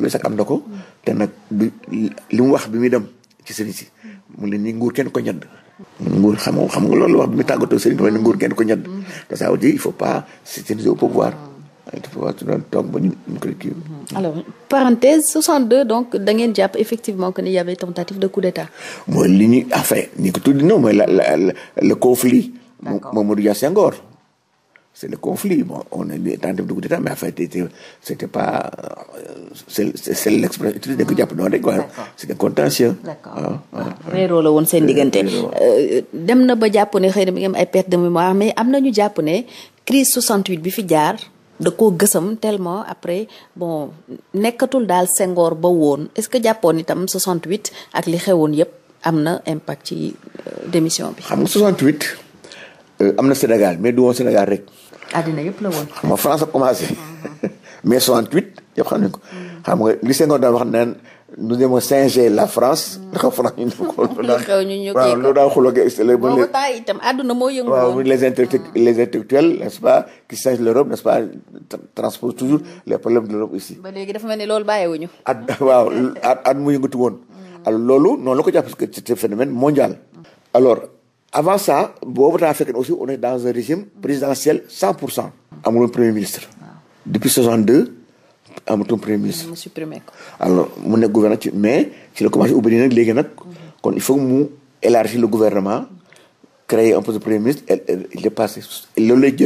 sax am na mm. te nag du wax bi muy dem ci sëriñ si mu leen ni nguur kenn ko ñedd nguur xam nga xam nga loolu wax bi muy nguur kenn ko ñedd mm. te ça il faut pas s'éterniser au pouvoir ah. ay fois su doon toog ba ñu ñu koy kii. Mhm. alors parenthèse 62 donc da jàpp effectivement que ni y tentative de coup d'état. mooy li ñuy enfin ñi ko tudd noonu mooy la la le conflit. conflit bon on a eu tentative jàpp noonu ah, ah. Ah, seen diggante euh, dem na ba jàpp ne na mi ngi ay perte de mémoire mais am na ñu jàpp crise 68 bi fi jaar da koo gësam tellement après bon nekkatul daal Senghor ba woon est-ce que jàppoon itam 68 ak li xewoon yépp am na impact ci euh, démission bi. xam nga 68 euh, am na Sénégal mais du woon Sénégal rek. àddina yëpp la woon. xam nga France a commencé. mais 68 yëpp xam nañu ko. Mm-hmm. xam nga li Senghor daal wax naan. nu ne ma la France. Mm. ndax France ñu def ko. lu moo yëngu. waaw ah. les intellectuels n'est-ce pas qui changent l'Europe n'est-ce pas transpose toujours les problèmes de l'Europe ici. léegi dafa mel ni loolu bàyyiwuñu. at waaw at at mu yëngatu woon. Mm. loolu noonu la ko jàpp parce que c'est phénomène mondial. Mm. alors avant ça boobu daa fekk aussi on est dans un régime présidentiel 100 pour cent. amuloon premier ministre. Ah. depuis 62. amatul premier ministre. mu supprimé ko. alors mu nekk gouverneur ci mais ci la commencé ubbi nag léegi nag. Mhm. kon il faut mu élargir le gouvernement. créer un poste de premier ministre et et dépassé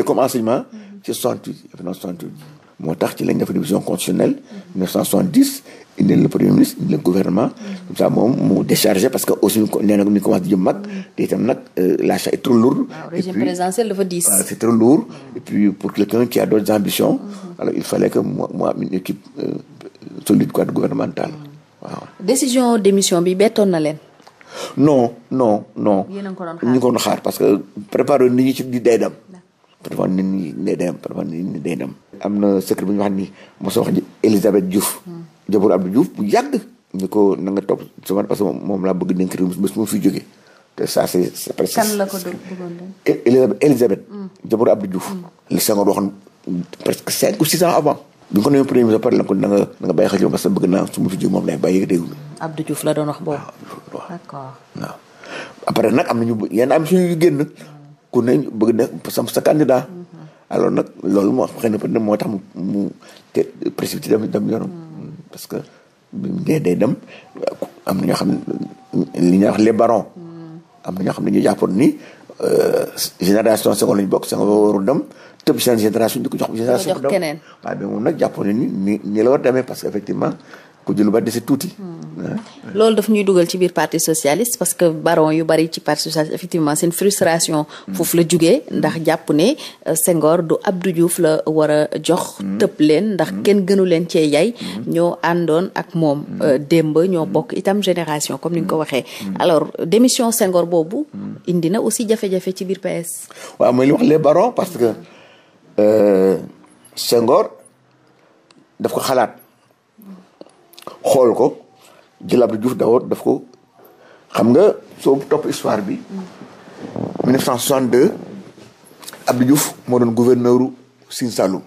comme enseignement. Mhm. ci soixante huit moo tax ci lañ def révision constitutionnelle. 1970 mhm. indil le premier ministre le gouvernement. comme ça moom mu déchargé parce que aussi ñu ko nee na ñu commencé di jëm mag. te itam nag euh, la charge est trop lourde. Ah, et puis pour quelqu'un qui a d'autres ambitions. il fallait que mu mu am équipe euh, solide quoi gouvernementale décision démission bi bettoon na leen. non non non. yéen a xaar parce que préparé nit ñi ci di day dem. préparé nit day dem am na secret bu ñu wax ni mosoo wax ni Elisabeth jabaru Abdou Diouf bu yàgg ni ko na nga topp sama moom laa bëgg dénk réew mi bés bu mu fi jógee te ça c' est c' est presque. kan la ko bëggoon e-, Elisabeth. Mm. jabaru Abdou Diouf. Mm. li Senghor waxoon presque cinq ou six ans avant. bi ko nommé premier ministre pare la ko na nga na nga bàyyi xel parce que bëgg ah, am nañu yenn am suñu yu génn. ku ne bëgg na sam sa candidat. Mm-hmm. nag loolu moo xëy na peut-être moo tax mu mu te précipité dem dem parce que bi dee day dem am na ñoo xam ne li les barons. am na ñoo xam ne ñoo jàppoon ni euh, génération Senghor lañ bokk Senghor warul dem tëb seen génération di ko jox. génération bu dem waaye moom nag jàppoon ni nii la war demee parce que effectivement. ku ji ba bari tuuti. Hmm. loolu daf ñuy dugal ci biir parti socialiste parce que baron yu bari ci parti socialiste effectivement seen frustration. Hmm. foofu la jugee ndax jàpp ne euh, sengoor du Abdou juuf la war a jox. Hmm. tëb leen ndax kenn gënu leen cee yay. ñoo àndoon ak moom. Euh, démb ñoo bokk itam génération comme ni nga ko waxee. alors démission Senghor boobu. indi na aussi jafe-jafe ci biir PS. waaw mooy li wax les barons parce que euh, Senghor daf ko xalaat. xool ko jël Abdou Diouf d'abord daf ko xam nga soo topp histoire bi 1962 Abdou Diouf moo doon gouverneur u Sine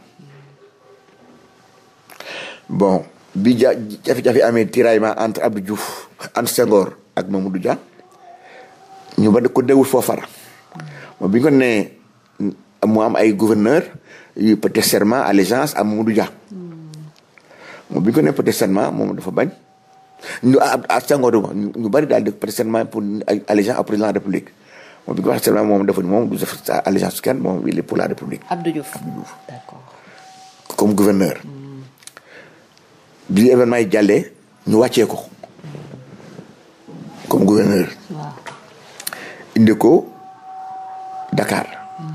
bon bi ja jafe-jafe amee tiraillement entre Abdou Diouf entre sengoor ak Mamadou Dia ñu ba ko déglu foofara moo bi ñu ko nee mu am ay gouverneur yu prêter serment am à Mamadou Dia moom bi ñu ko nee prêter serment moom dafa bañ ñu ah, ah Senghor ñu bari daal di prêter serment pour allégeance à président de la république moom bi ñu ko waxee serment moom dafa ni moom du def allégeance kenn moom il est pour la république. comme gouverneur. bi événement yi jàllee ñu wàccee ko. comme gouverneur. waaw indi ko Dakar. Hmm.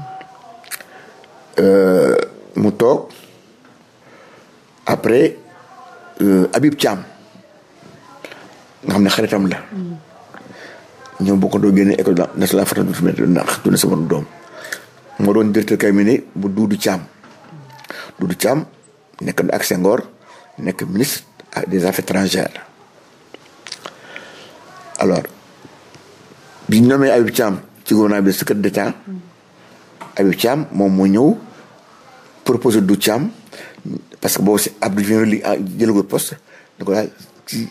Euh, mu toog après Euh, Habib Thiam nga xam ne xaritam la. ñoom boo ko doon génnee école la la Fatal fi mu ne ndax du sama doom. moo doon directeur du bu Doudou Thiam. Doudou Thiam nekk na ak Senghor nekk ministre des affaires étrangères alors bi ñu nommé Habib Thiam ci gouvernement bi secrétaire d'État. Habib Thiam moom moo ñëw proposé Doudou Thiam. parce que boobu si Abdou Diouf li ah, jëlagul poste da ko daal ah, ci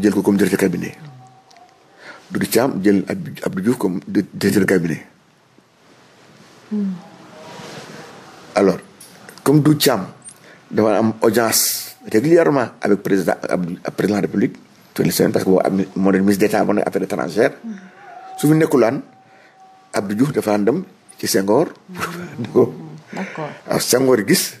jël ko comme directeur cabinet Doudou Thiam jël Abdou comme directeur cabinet hmm. alors comme Doudou Thiam dafa am audience régulièrement avec président président de République toutes les semaines parce que boobu am moo doon ministre d'État moo doon affaires étrangères hmm. su nekkulaan Abdou Diouf dem ci Senghor hmm. d'accord waaw gis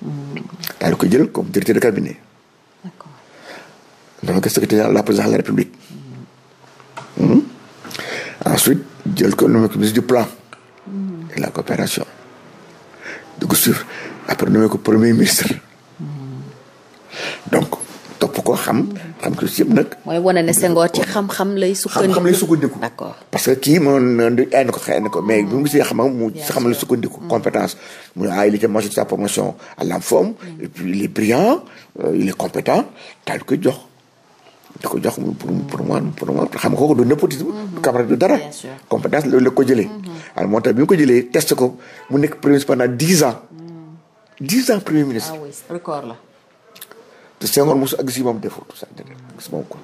daal mmh. di ko jël comme directeur de cabinet. d'accord noonu ko secrétaire général la présidence de la république. Mmh. Mmh. ensuite jël ko nommé ko ministre du plan. et la coopération. donc sur après nommé ko premier ministre. topp ko xam xam ko si yëpp nag. mooy wane ne Senghor ci xam-xam lay. sukkandiku xam-xam parce que kii moom ko xëy na ko mais bu mu gisee xam-xam mu xam lay sukkandiku. Mm. compétence mu ne ah il était major de bi mu ko jëlee test mu nekk premier ministre pendant dix ans mm. dix premier ministre ah la te Senghor mosu ak gis yi moom deful tout ça déedéet gis moom ko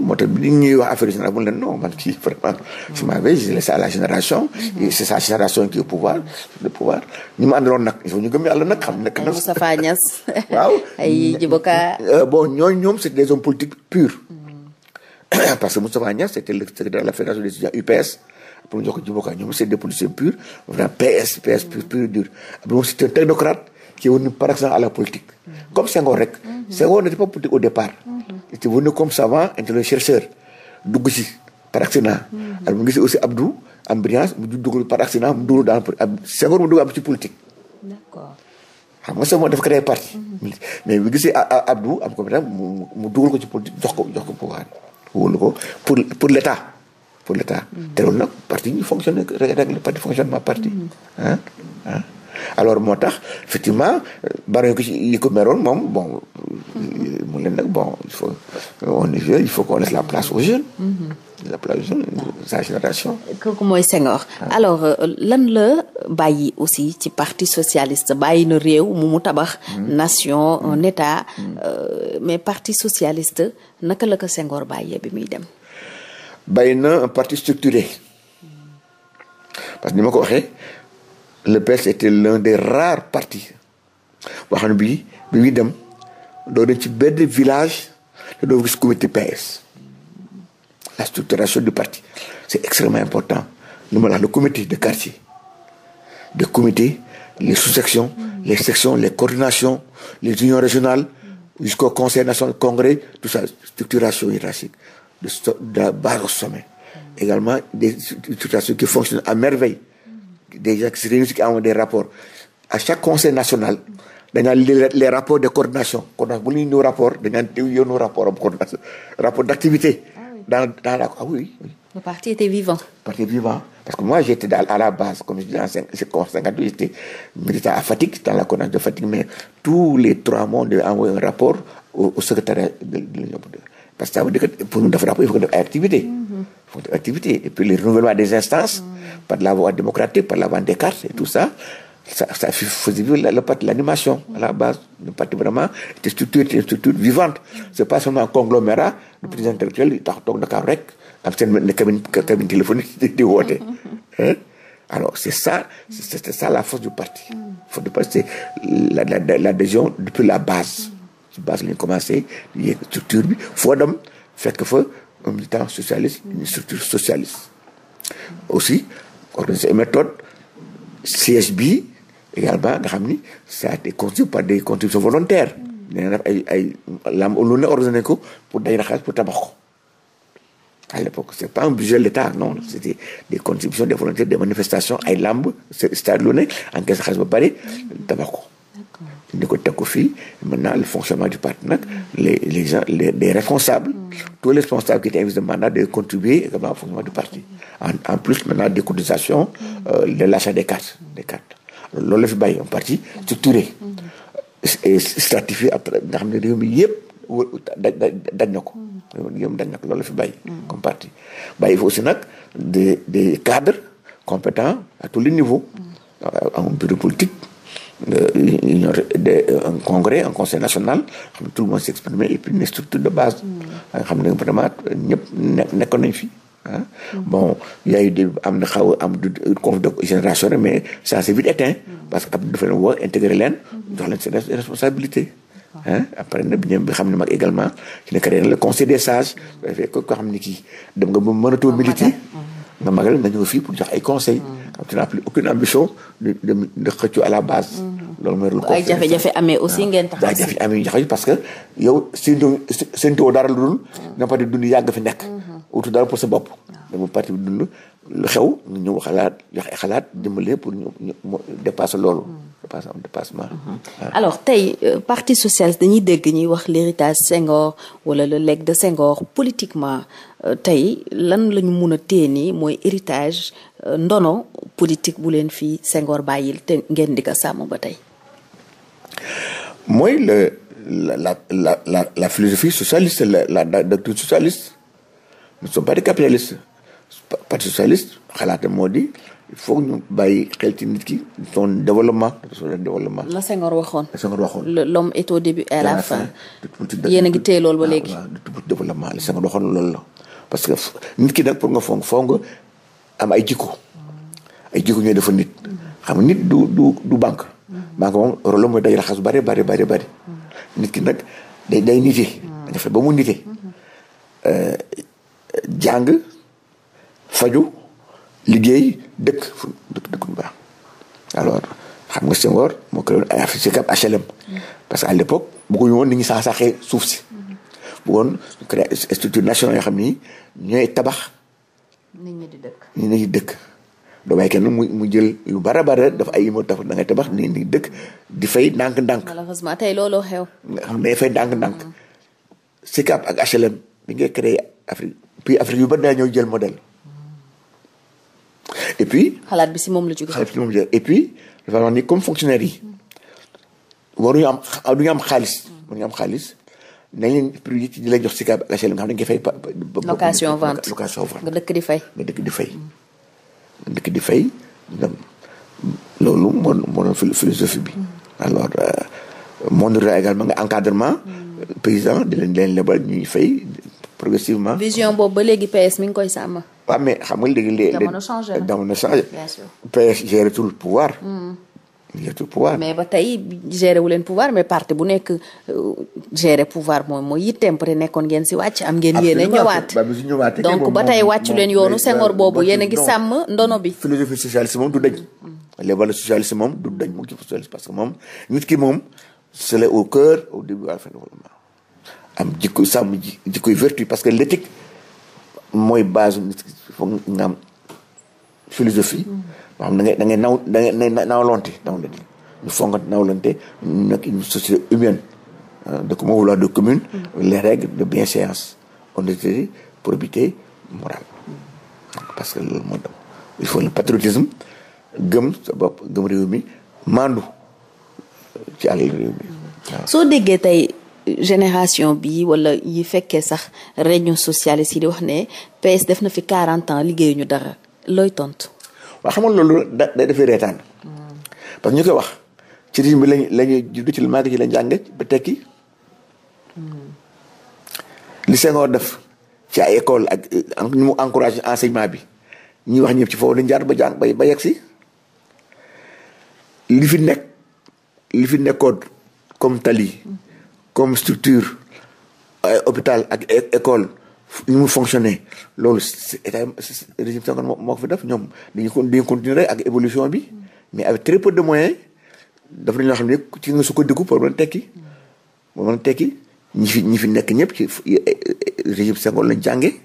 moo tax bi ñuy wax affaire générale mun leen man kii vraiment su ma amee je laisse à la génération mhm. c'est sa génération qui est pouvoir le pouvoir ñu ma àndaloon nag il faut ñu gëm yàlla nag xam nekk nag Moustapha waaw ay Djibo euh, bon ñoom c'est des hommes politiques purs mhm. parce que Moustapha Niass c'était le secrétaire de la fédération des étudiants UPS pour ñu jox ko Djibo ñoom c'est des politiciens purs vraiment PS PS pur pur dur moom c'est un technocrate qui est venu par accident à la politique. Mm -hmm. Comme Senghor rek. Senghor n'était pas politique au départ. il était venu comme savant intellectuel chercheur dugg ci par accident. ak mu gis aussi Abdou am mu dugg am ci politique. d'accord. xam am ko tam mu mu dugal ko ci politique jox ko jox ko pour pour l' état pour l' état. te loolu nag parti fonctionnement parti mm-hmm. alors moo tax effectivement bari ko ko meroon moom bon mu leen nag bon il faut on est la place aux jeunes mm-hmm. la place aux jeunes sa génération kooku mooy Senghor ah. alors euh, lan la bàyyi aussi ci parti socialiste bàyyi na réew mu mu tabax mm-hmm. nation un mm-hmm. Euh, mais parti socialiste naka la ko Senghor bàyyee bi muy dem bàyyi na un parti structuré parce que ni ma ko waxee le PS était l'un des rares partis boo xam ne bi muy dem dem ci village te doo gis la structuration du parti c'est extrêmement important lu ma la wax le comité de quartier des comités les sous-sections les sections les coordinations les unions régionales jusqu'au conseil national congrès tout ça structuration hiérarchique de la au sommet également des structurations qui fonctionnent à merveille des gens qui se réunissent des rapports à chaque conseil national dañaa les rapports de coordination coordination bu ñu ñëw rapport dañaan diw yoonu rapport am coordination rapport ah la ah parce que moi j'étais à la base comme je dis en la coordination de mais tous les trois mois de un rapport au, au secrétariat de l'Union parce que ça veut dire que pour ñu def rapport il faut que def ay activité mm-hmm. activité. Et puis le renouvellement des instances, mmh. par la voie démocratique, par la vente des cartes ça, la, la partie parti vraiment était de petits intellectuels, ils toog Dakar c'est ça c'est ça la force du parti. force du l'adhésion depuis la base. ci base la ñu commencé yéeg structure bi foo dem fekk fa. un militant socialiste une structure socialiste aussi organiser une méthode siège bi également nga xam ni ça a été conçu par des contributions volontaires dinañ na ay ay lam lu ne ordonné ko pour day raxas pour tabax ko à l'époque c'est pas un budget l'État non c'était des contributions des volontaires des manifestations ay lamb stade lu ne encaisse xaalis ba pare tabax ni ko teg ko fii maintenant le fonctionnement du parti nag les les gens les, les responsables mm. tous les responsables qui étaient invités de mandat doivent contribuer a au fonctionnement du parti en, plus maintenant des mm. euh, de l'achat des cartes la fi bàyyi un parti structuré mm. et stratifié à xam ne réew mi yëpp daj daj na fi bàyyi comme parti bàyyi foofu aussi nag des des cadres compétents tous les niveaux euh, en bureau politique Euh, un congrès un conseil national xam ne tout le monde s'exprimait et puis une structure de base nga mm. xam ne vraiment ñëpp nekkoon nañ fi ah bon yaayu de am na xaw am du conflit de génération mais ça s'est vite éteint mm. parce que ab dafa leen woo intégrer leen mm-hmm. jox leen seen responsabilité ah après nag ñoom bi xam ne mag également ci ne créé le conseil des sages dafay ko xam ne kii dem nga ba mënatoo militer nga magal nga ñëw fii pour jox ay conseils. Mm. tu n'as plus aucune ambition de xëccu la base. Mm-hmm. loolu mooy lu ko ay jafe-jafe amee aussi ngeen tax. ay jafe amee jafe parce que yow séntu séntu dara lu dul. Mm. nga parti dund yàgg fi nekk. wutu mm-hmm. dara pour sa bopp. dama parti bi dund lu xew ñu ñëw xalaat jox ay xalaat dimbale pour ñu ñu dépasser loolu. Mm. dépasser am dépassement. Mm-hmm. alors tey euh, parti socialiste dañuy dégg ñuy wax l'héritage Senghor wala le legs de Senghor politiquement Euh, tey lan la mun a téye nii mooy héritage euh, ndono politique bu leen fi sengoor bàyyil te ngeen di ko sàmm ba tey. mooy le la la la la la philosophie socialiste la la la doctrine socialiste nous ne sommes pas des parti socialiste xalaata moo di il faut ñu bàyyi xel ci nit ki son développement son la Senghor waxoon waxoon. l'homme est au début et à a ngi téye loolu ba ah, léegi. waaw développement la Senghor waxoon loolu la. parce que nit ki nag pour nga fonk fonk nga am ay jikko ay jikko ñooy dafa nit xam nit du du du banque banque moom rôle mooy day bari bari bari nit ki nag day day nitee dañu fexe ba mu nitee euh, jàng faju liggéey dëkk fu dëkk dëkk bu baax alors xam nga Senghor moo créé woon ay affaire ci cap HLM parce que à l'époque bëgguñu woon nit ñi saax saaxee suuf si woon créé structure nationale yoo xam ni ñooy tabax. nit ñi di dëkk. nit ñi di dëkk. doo bàyyi kenn mu mu jël yu bara bara dafa ay immeuble tabax da ngay tabax nit ñi dëkk di fay ndànk-ndànk. malheureusement tey looloo xew. nga xam ndànk-ndànk. Mm-hmm. ak HLM bi ngay créé Afrique yu bari daa ñëw jël modèle. Mm-hmm. et puis. xalaat bi si moom la jógee. xalaat bi si et puis dafa wax ni comme yi. Mm-hmm. waruñu am xaalis. waruñu am xaalis nañ leen prix di la jox si kaab la nga xam ne nga fay. location vente nga dëkk di fay nga dëkk di fay. nga dëkk di fay. loolu moo moo doon philosophie bi. Mm. alors euh, monde rural nga encadrement. Mm. paysan di leen leen lebal ñuy fay progressivement. vision boobu ba léegi PS koy sàmm. waaw mais xam nga léegi. jamono changé na jamono changé. bien sûr PS nitu pouvoir. mais ba tey gérer wu leen pouvoir mais parti bu nekk gérer pouvoir moom mooy yitteem peut nekkoon ngeen si wàcc am ngeen yéen a ñëwaat donc ba tey wàccu leen yoonu Senghor boobu yéen a ngi ndono bi philosophie socialiste moom du dañ les valeurs socialistes moom du dañ moom ci socialiste parce que moom nit ki moom c'est au cœur au début à la fin développement am jikko sàmm jikkoy vertu parce que l'éthique mooy base nit ki foog nga philosophie. nga xam da ngay nawlonte nawlonte ñu nawlonte ñu nekk société humaine euh, de commune. avec mm. les règles de bienséance honnêteté probité morale. parce que loolu moo dem il faut le patriotisme gëm sa gëm réew mi maandu euh, soo déggee tey. génération bi wala yi fekkee sax réunion socialiste yi di wax ne PS def na fi 40 ans ñu dara looy tontu. waaw xam nga loolu da day defee reetaan parce que ñu koy wax ci régime bi lañ lañuy juddu ci lu màgg ci lañ ba tekki li Senghor def ci a école ak ñu mu encouragé enseignement bi ñuy wax ñëpp ci foofu lañ jaar ba jàng ba yegg si li fi nekk li fi nekkoon comme tali comme structure hôpital ak école ñu mu fonctionner loolu état régime Senghor moo ko fi def ñoom dañu ko dañu ak évolution bi mais avec très de moyens daf nañ loo xam ne ci nga sukkandiku pour mën a tekki a tekki ñi fi nekk ñëpp ci régime Senghor lañ jàngee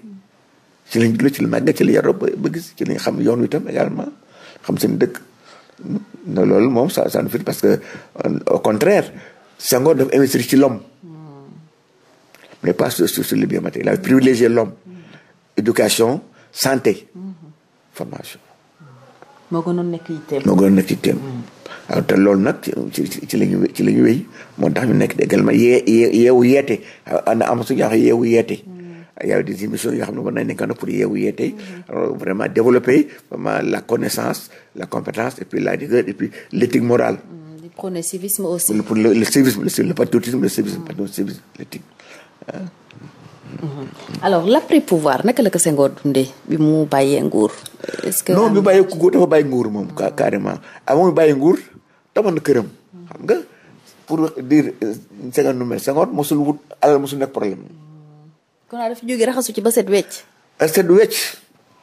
ci lañ juddoo ci la màgg ci la yaroo ba ba gis ci lañ xam yoon wi tam également xam seen dëkk loolu moom ça ça nous parce que euh, au contraire Senghor dafa investir ci l'homme On n'est pas sur, sur, sur, le biométrique. Là, privilégier l'homme. Éducation, santé, formation. moo gënoon nekk yitteem. moo gënoon nekk yitteem. loolu nag ci ci ci la ñu ci la ñu wéy moo tax ñu nekk également yee yeewu yeete ana am suñu wax yeewu yeete. y'a des émissions yoo xam ne war nañ nekk pour yeewu yeete. alors vraiment développer vraiment la connaissance la compétence et puis la rigueur et puis l'éthique morale. Mm, du prôner civisme aussi. pour patriotisme le civisme. patriotisme l'éthique. Euh. alors l'après pouvoir naka la ko Senghor dundee bi mu bàyyee nguur. est-ce que non bi mu bàyyee nguur dafa bàyyi nguur moom carrément avant mu bàyyi nguur tamoon na këram. xam nga pour dire euh, Senghor nu mel Senghor mosul wut alal mosul nekk problème. kon dafa jógee raxasu ci ba set wecc. Euh, set wecc.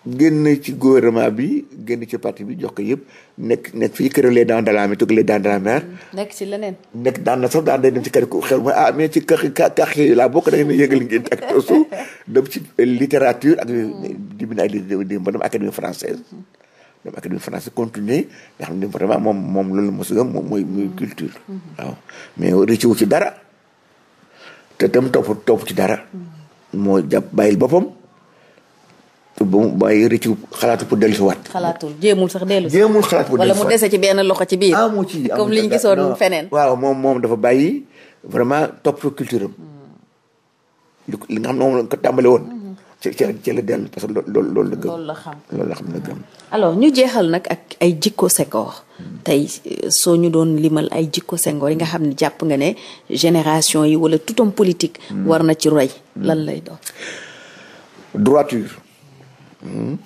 génn ci gouvernement bi génn ci parti bi jox ko yëpp nekk nekk fii kër les dents de la mer tugg les dents de la mer. Mm, nekk ci leneen. nekk daan na sax daan day dem ci kër ku xel mooy ah mais ci kër kàq da ngeen di littérature mm. di bind ay di ba dem française mm-hmm. dem académie française continuer moom loolu mos a moom mooy mm. culture. Mm-hmm. waaw mais rëcc wu ci dara te tam topp topp ci dara. Mm-hmm. moo jàpp boppam. ba mu bàyyi rëccu dellu si waat. xalaatul jéemul sax dellu si. jéemul xalaat pour mu dese ci benn loxo ci biir. amu ci comme li ñu gisoon feneen. waaw moom moom dafa bàyyi vraiment topp culture am. li nga xam ne moom la ko tàmbali woon. Mm-hmm. ci ci ci la dellu parce la gëm. loolu la xam loolu la xam la ñu jeexal nag ak ay jikko Senghor. Mm. tey soo ñu doon limal ay jikko Senghor yi nga xam ne jàpp nga ne génération yi wala tout homme politique. Mm. war na ci roy lan lay doon.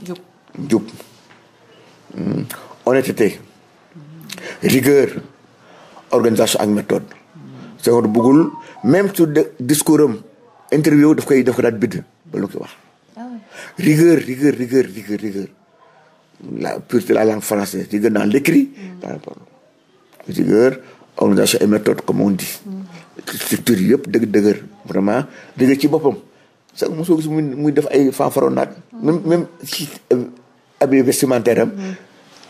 jub jub honnêteté rigueur organisation ak méthode. Senghor bëggul même su de discours am interview daf koy daf ko daan bind loolu ko wax. Ah rigueur rigueur rigueur rigueur rigueur la pureté de la langue française rigueur dans l'écrit mm. rigueur organisation et méthode comme on dit. Mm. structure yëpp dëgg dëgër vraiment rigueur ci boppam. sax mosoo muy muy def ay fanfaronnade même même si euh, habit vestimentaire mm.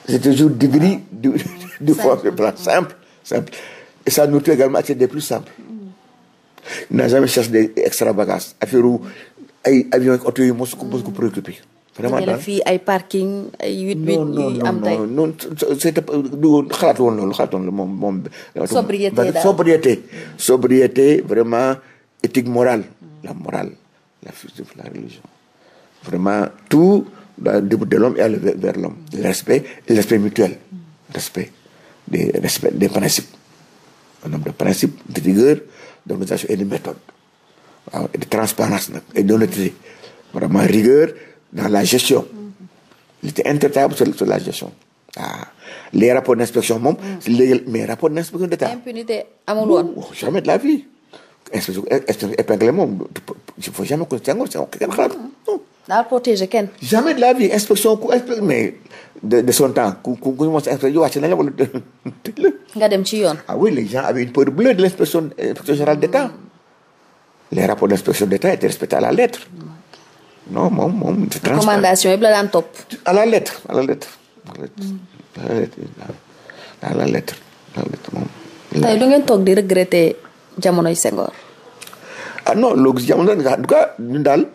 c'est toujours du du du foncé simple simple et sa nourriture également c'est des plus simples mm. n'a jamais cherché des extravagances affaire u ay avion oto yi mosu ko mosu vraiment ay parking ay huit huit am tey sobriété sobriété vraiment éthique morale mm. la morale la culture la religion. Vraiment, tout doit de l'homme et l'homme. Le le respect mutuel. Respect des, respect de principes, de rigueur, d'organisation et de méthode. de transparence et d'honnêteté. Vraiment rigueur dans la gestion. Il était intraitable sur, la gestion. ah les rapports d' inspection moom. Mm. léegi rapport d' inspection d' a impunité amul woon. jamais de la vie. épinglé moom il faut jamais ko càngoor càngoor kenn xalaat non. daal protéger kenn. jamais de la vie inspection ku inspecte mais de de son temps ku ku ku ñu mos a inspecté wàcc nañ la wala tëj la. nga dem ci yoon. ah oui les gens avaient une peur bleue de l' inspection inspection générale d' état les rapports d' inspection d' état étaient respectés à la lettre. non moom moom. recommandation yëpp la daan topp. à la lettre à la lettre. à la lettre à la lettre à la lettre moom. tey du ngeen toog di regretter. jamonoy Senghor. no non loolu jamono en ñun daal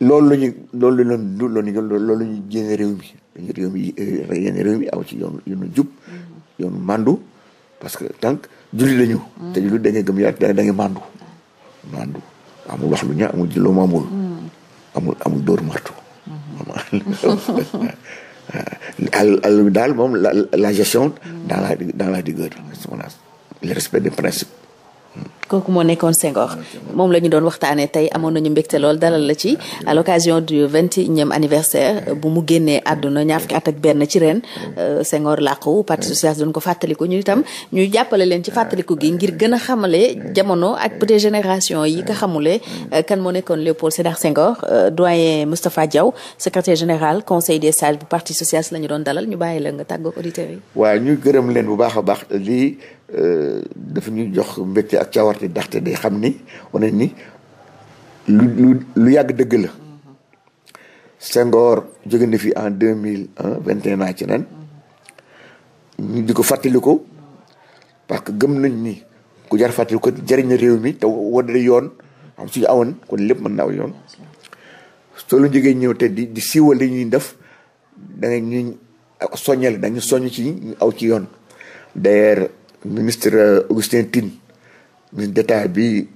loolu la ñu loolu la ñu loolu la ñu génne réew mi dañu réew mi réew mi aw ci yoonu yoonu jub yoonu mandu parce que tant julli la ñu. da ngay da ngay mandu mandu lu ñaaw amul ji dóor martu. al daal moom la la gestion. dans la dans la rigueur le respect de principes. kooku moo nekkoon Senghor moom la ñu doon waxtaanee tey amoon nañu mbégte lool dalal la ci à l'occasion du vingt-et-unième anniversaire bu mu génnee àdduna ñaar fukki at ak benn ci ren euh, Senghor làqu parti socialiste doon ko fàttaliku ñu itam ñuy jàppale leen ci ah, fàttaliku gi ah, ngir ah. gën a xamale jamono ak peut yi ka xamule euh, kan moo nekkoon Léopold Sédar Senghor euh, doyen Moustapha Diaw secrétaire général conseil des sages bu parti socialiste la ñu doon dalal ñu bàyyi la nga tàggoog auditeurs yi waaw ñu Euh, dafa ñuy jox mbégte ak cawarte ndaxte day xam ni wane ni lu yàgg dëgg la Senghor jóge na fi en deux mille un vingt et un ci ren ñu di ko fàttaliku parce que gëm nañ ni ku jar fàttaliku ko jëriñ na réew mi te wane yoon xam suñu awoon kon lépp mën na aw yoon soo lu jógee ñëw te di di siiwal li ñuy def da nga ñuy soññal soññ ci ñu aw ci yoon ministre euh, Augustin Tine ministre d'État bi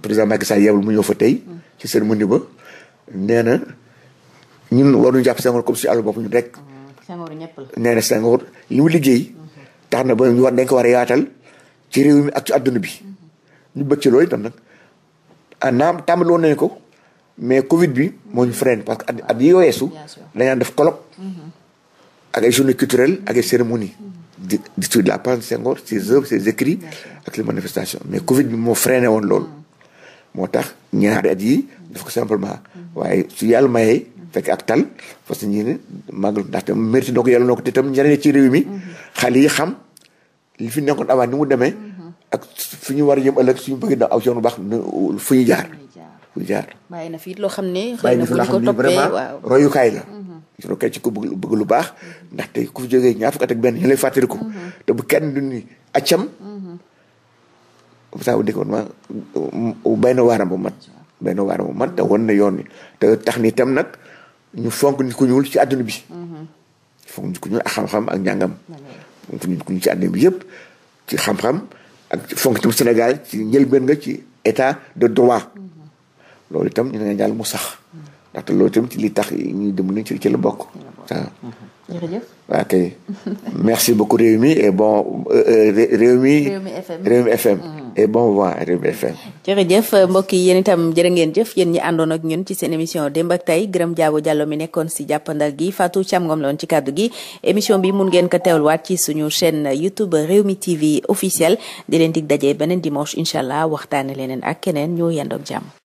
président Macky Sall yebal mu ñëw fa tey ci cérémonie ba nee na ñun waruñu jàpp Senghor comme si àll bopp ñun rek. Mm-hmm. Senghor ñëpp la nee liggéey. Mm-hmm. tax na ba ñu war dañ ko war a yaatal ci réew mi ak ci àdduna bi. Mm-hmm. ñu bëgg ci loolu itam nag ah naam tàmbali woon nañu ko mais Covid bi moo ñu freiné parce que at at yii weesu dañu daan def colloque. ak journée culturelle ak ay cérémonie. di di la pente Senghor ses œuvres ses écrits ak les manifestations mais Covid bi moo freiné woon loolu. Mm. moo tax ñaari at yi daf ko simplement mm. waaye su yàlla mayee mm. fekk ak tal parce que ñii ne màggal ndaxte mérite na ko yàlla te tam njëriñ ci réew mi mm-hmm. xale xam li fi nekkoon avant ni mu demee mm-hmm. ak fi ñu war a jëm ëllëg suñu bëggee baax fu ñu jaar fu ñu jaar. bàyyi na fi loo xam ne. royukaay la. Mm-hmm. il faut que ci ko bëgg lu baax ndaxte ku fi jógee ñaar fukk at ak benn ñu lay fàttaliku. Mm-hmm. te bu kenn du ni accam. saa wu dëkk man ma bay na waaram bu mat. bay na waaram bu mat te won na yoon wi te tax ni tam nag ñu fonk nit ku ñuul ci adduna bi. Mm-hmm. fonk nit ku ñuul ak xam-xam ak njàngam. fonk bi yëpp ci xam ak fonk itam Sénégal ci njëlbeen nga ci état de droit. Mm-hmm. loolu itam ñu ne ñaan mu sax. ndaxte loolu tamit ci li tax ñu dimbali ci ci la bokk waaw. Ah. Mm-hmm. jërëjëf. Ah, ok merci beaucoup Rewmi et bon euh, euh, Rewmi. Rewmi FM mm. et bon vent Rewmi FM. jërëjëf mbokk yi yéen itam jërë ngeen jëf yéen ñi àndoon ak ñun ci seen émission démb ak tey gërëm jaabo jàllo mi nekkoon si jàppandal gi Fatou Thiam am la woon ci kàddu gi émission bi mun ngeen ko teewluwaat ci suñu chaîne YouTube Rewmi TV officiel di leen dig daje beneen dimanche incha allah waxtaane leneen ak keneen ñu yendoog jàmm.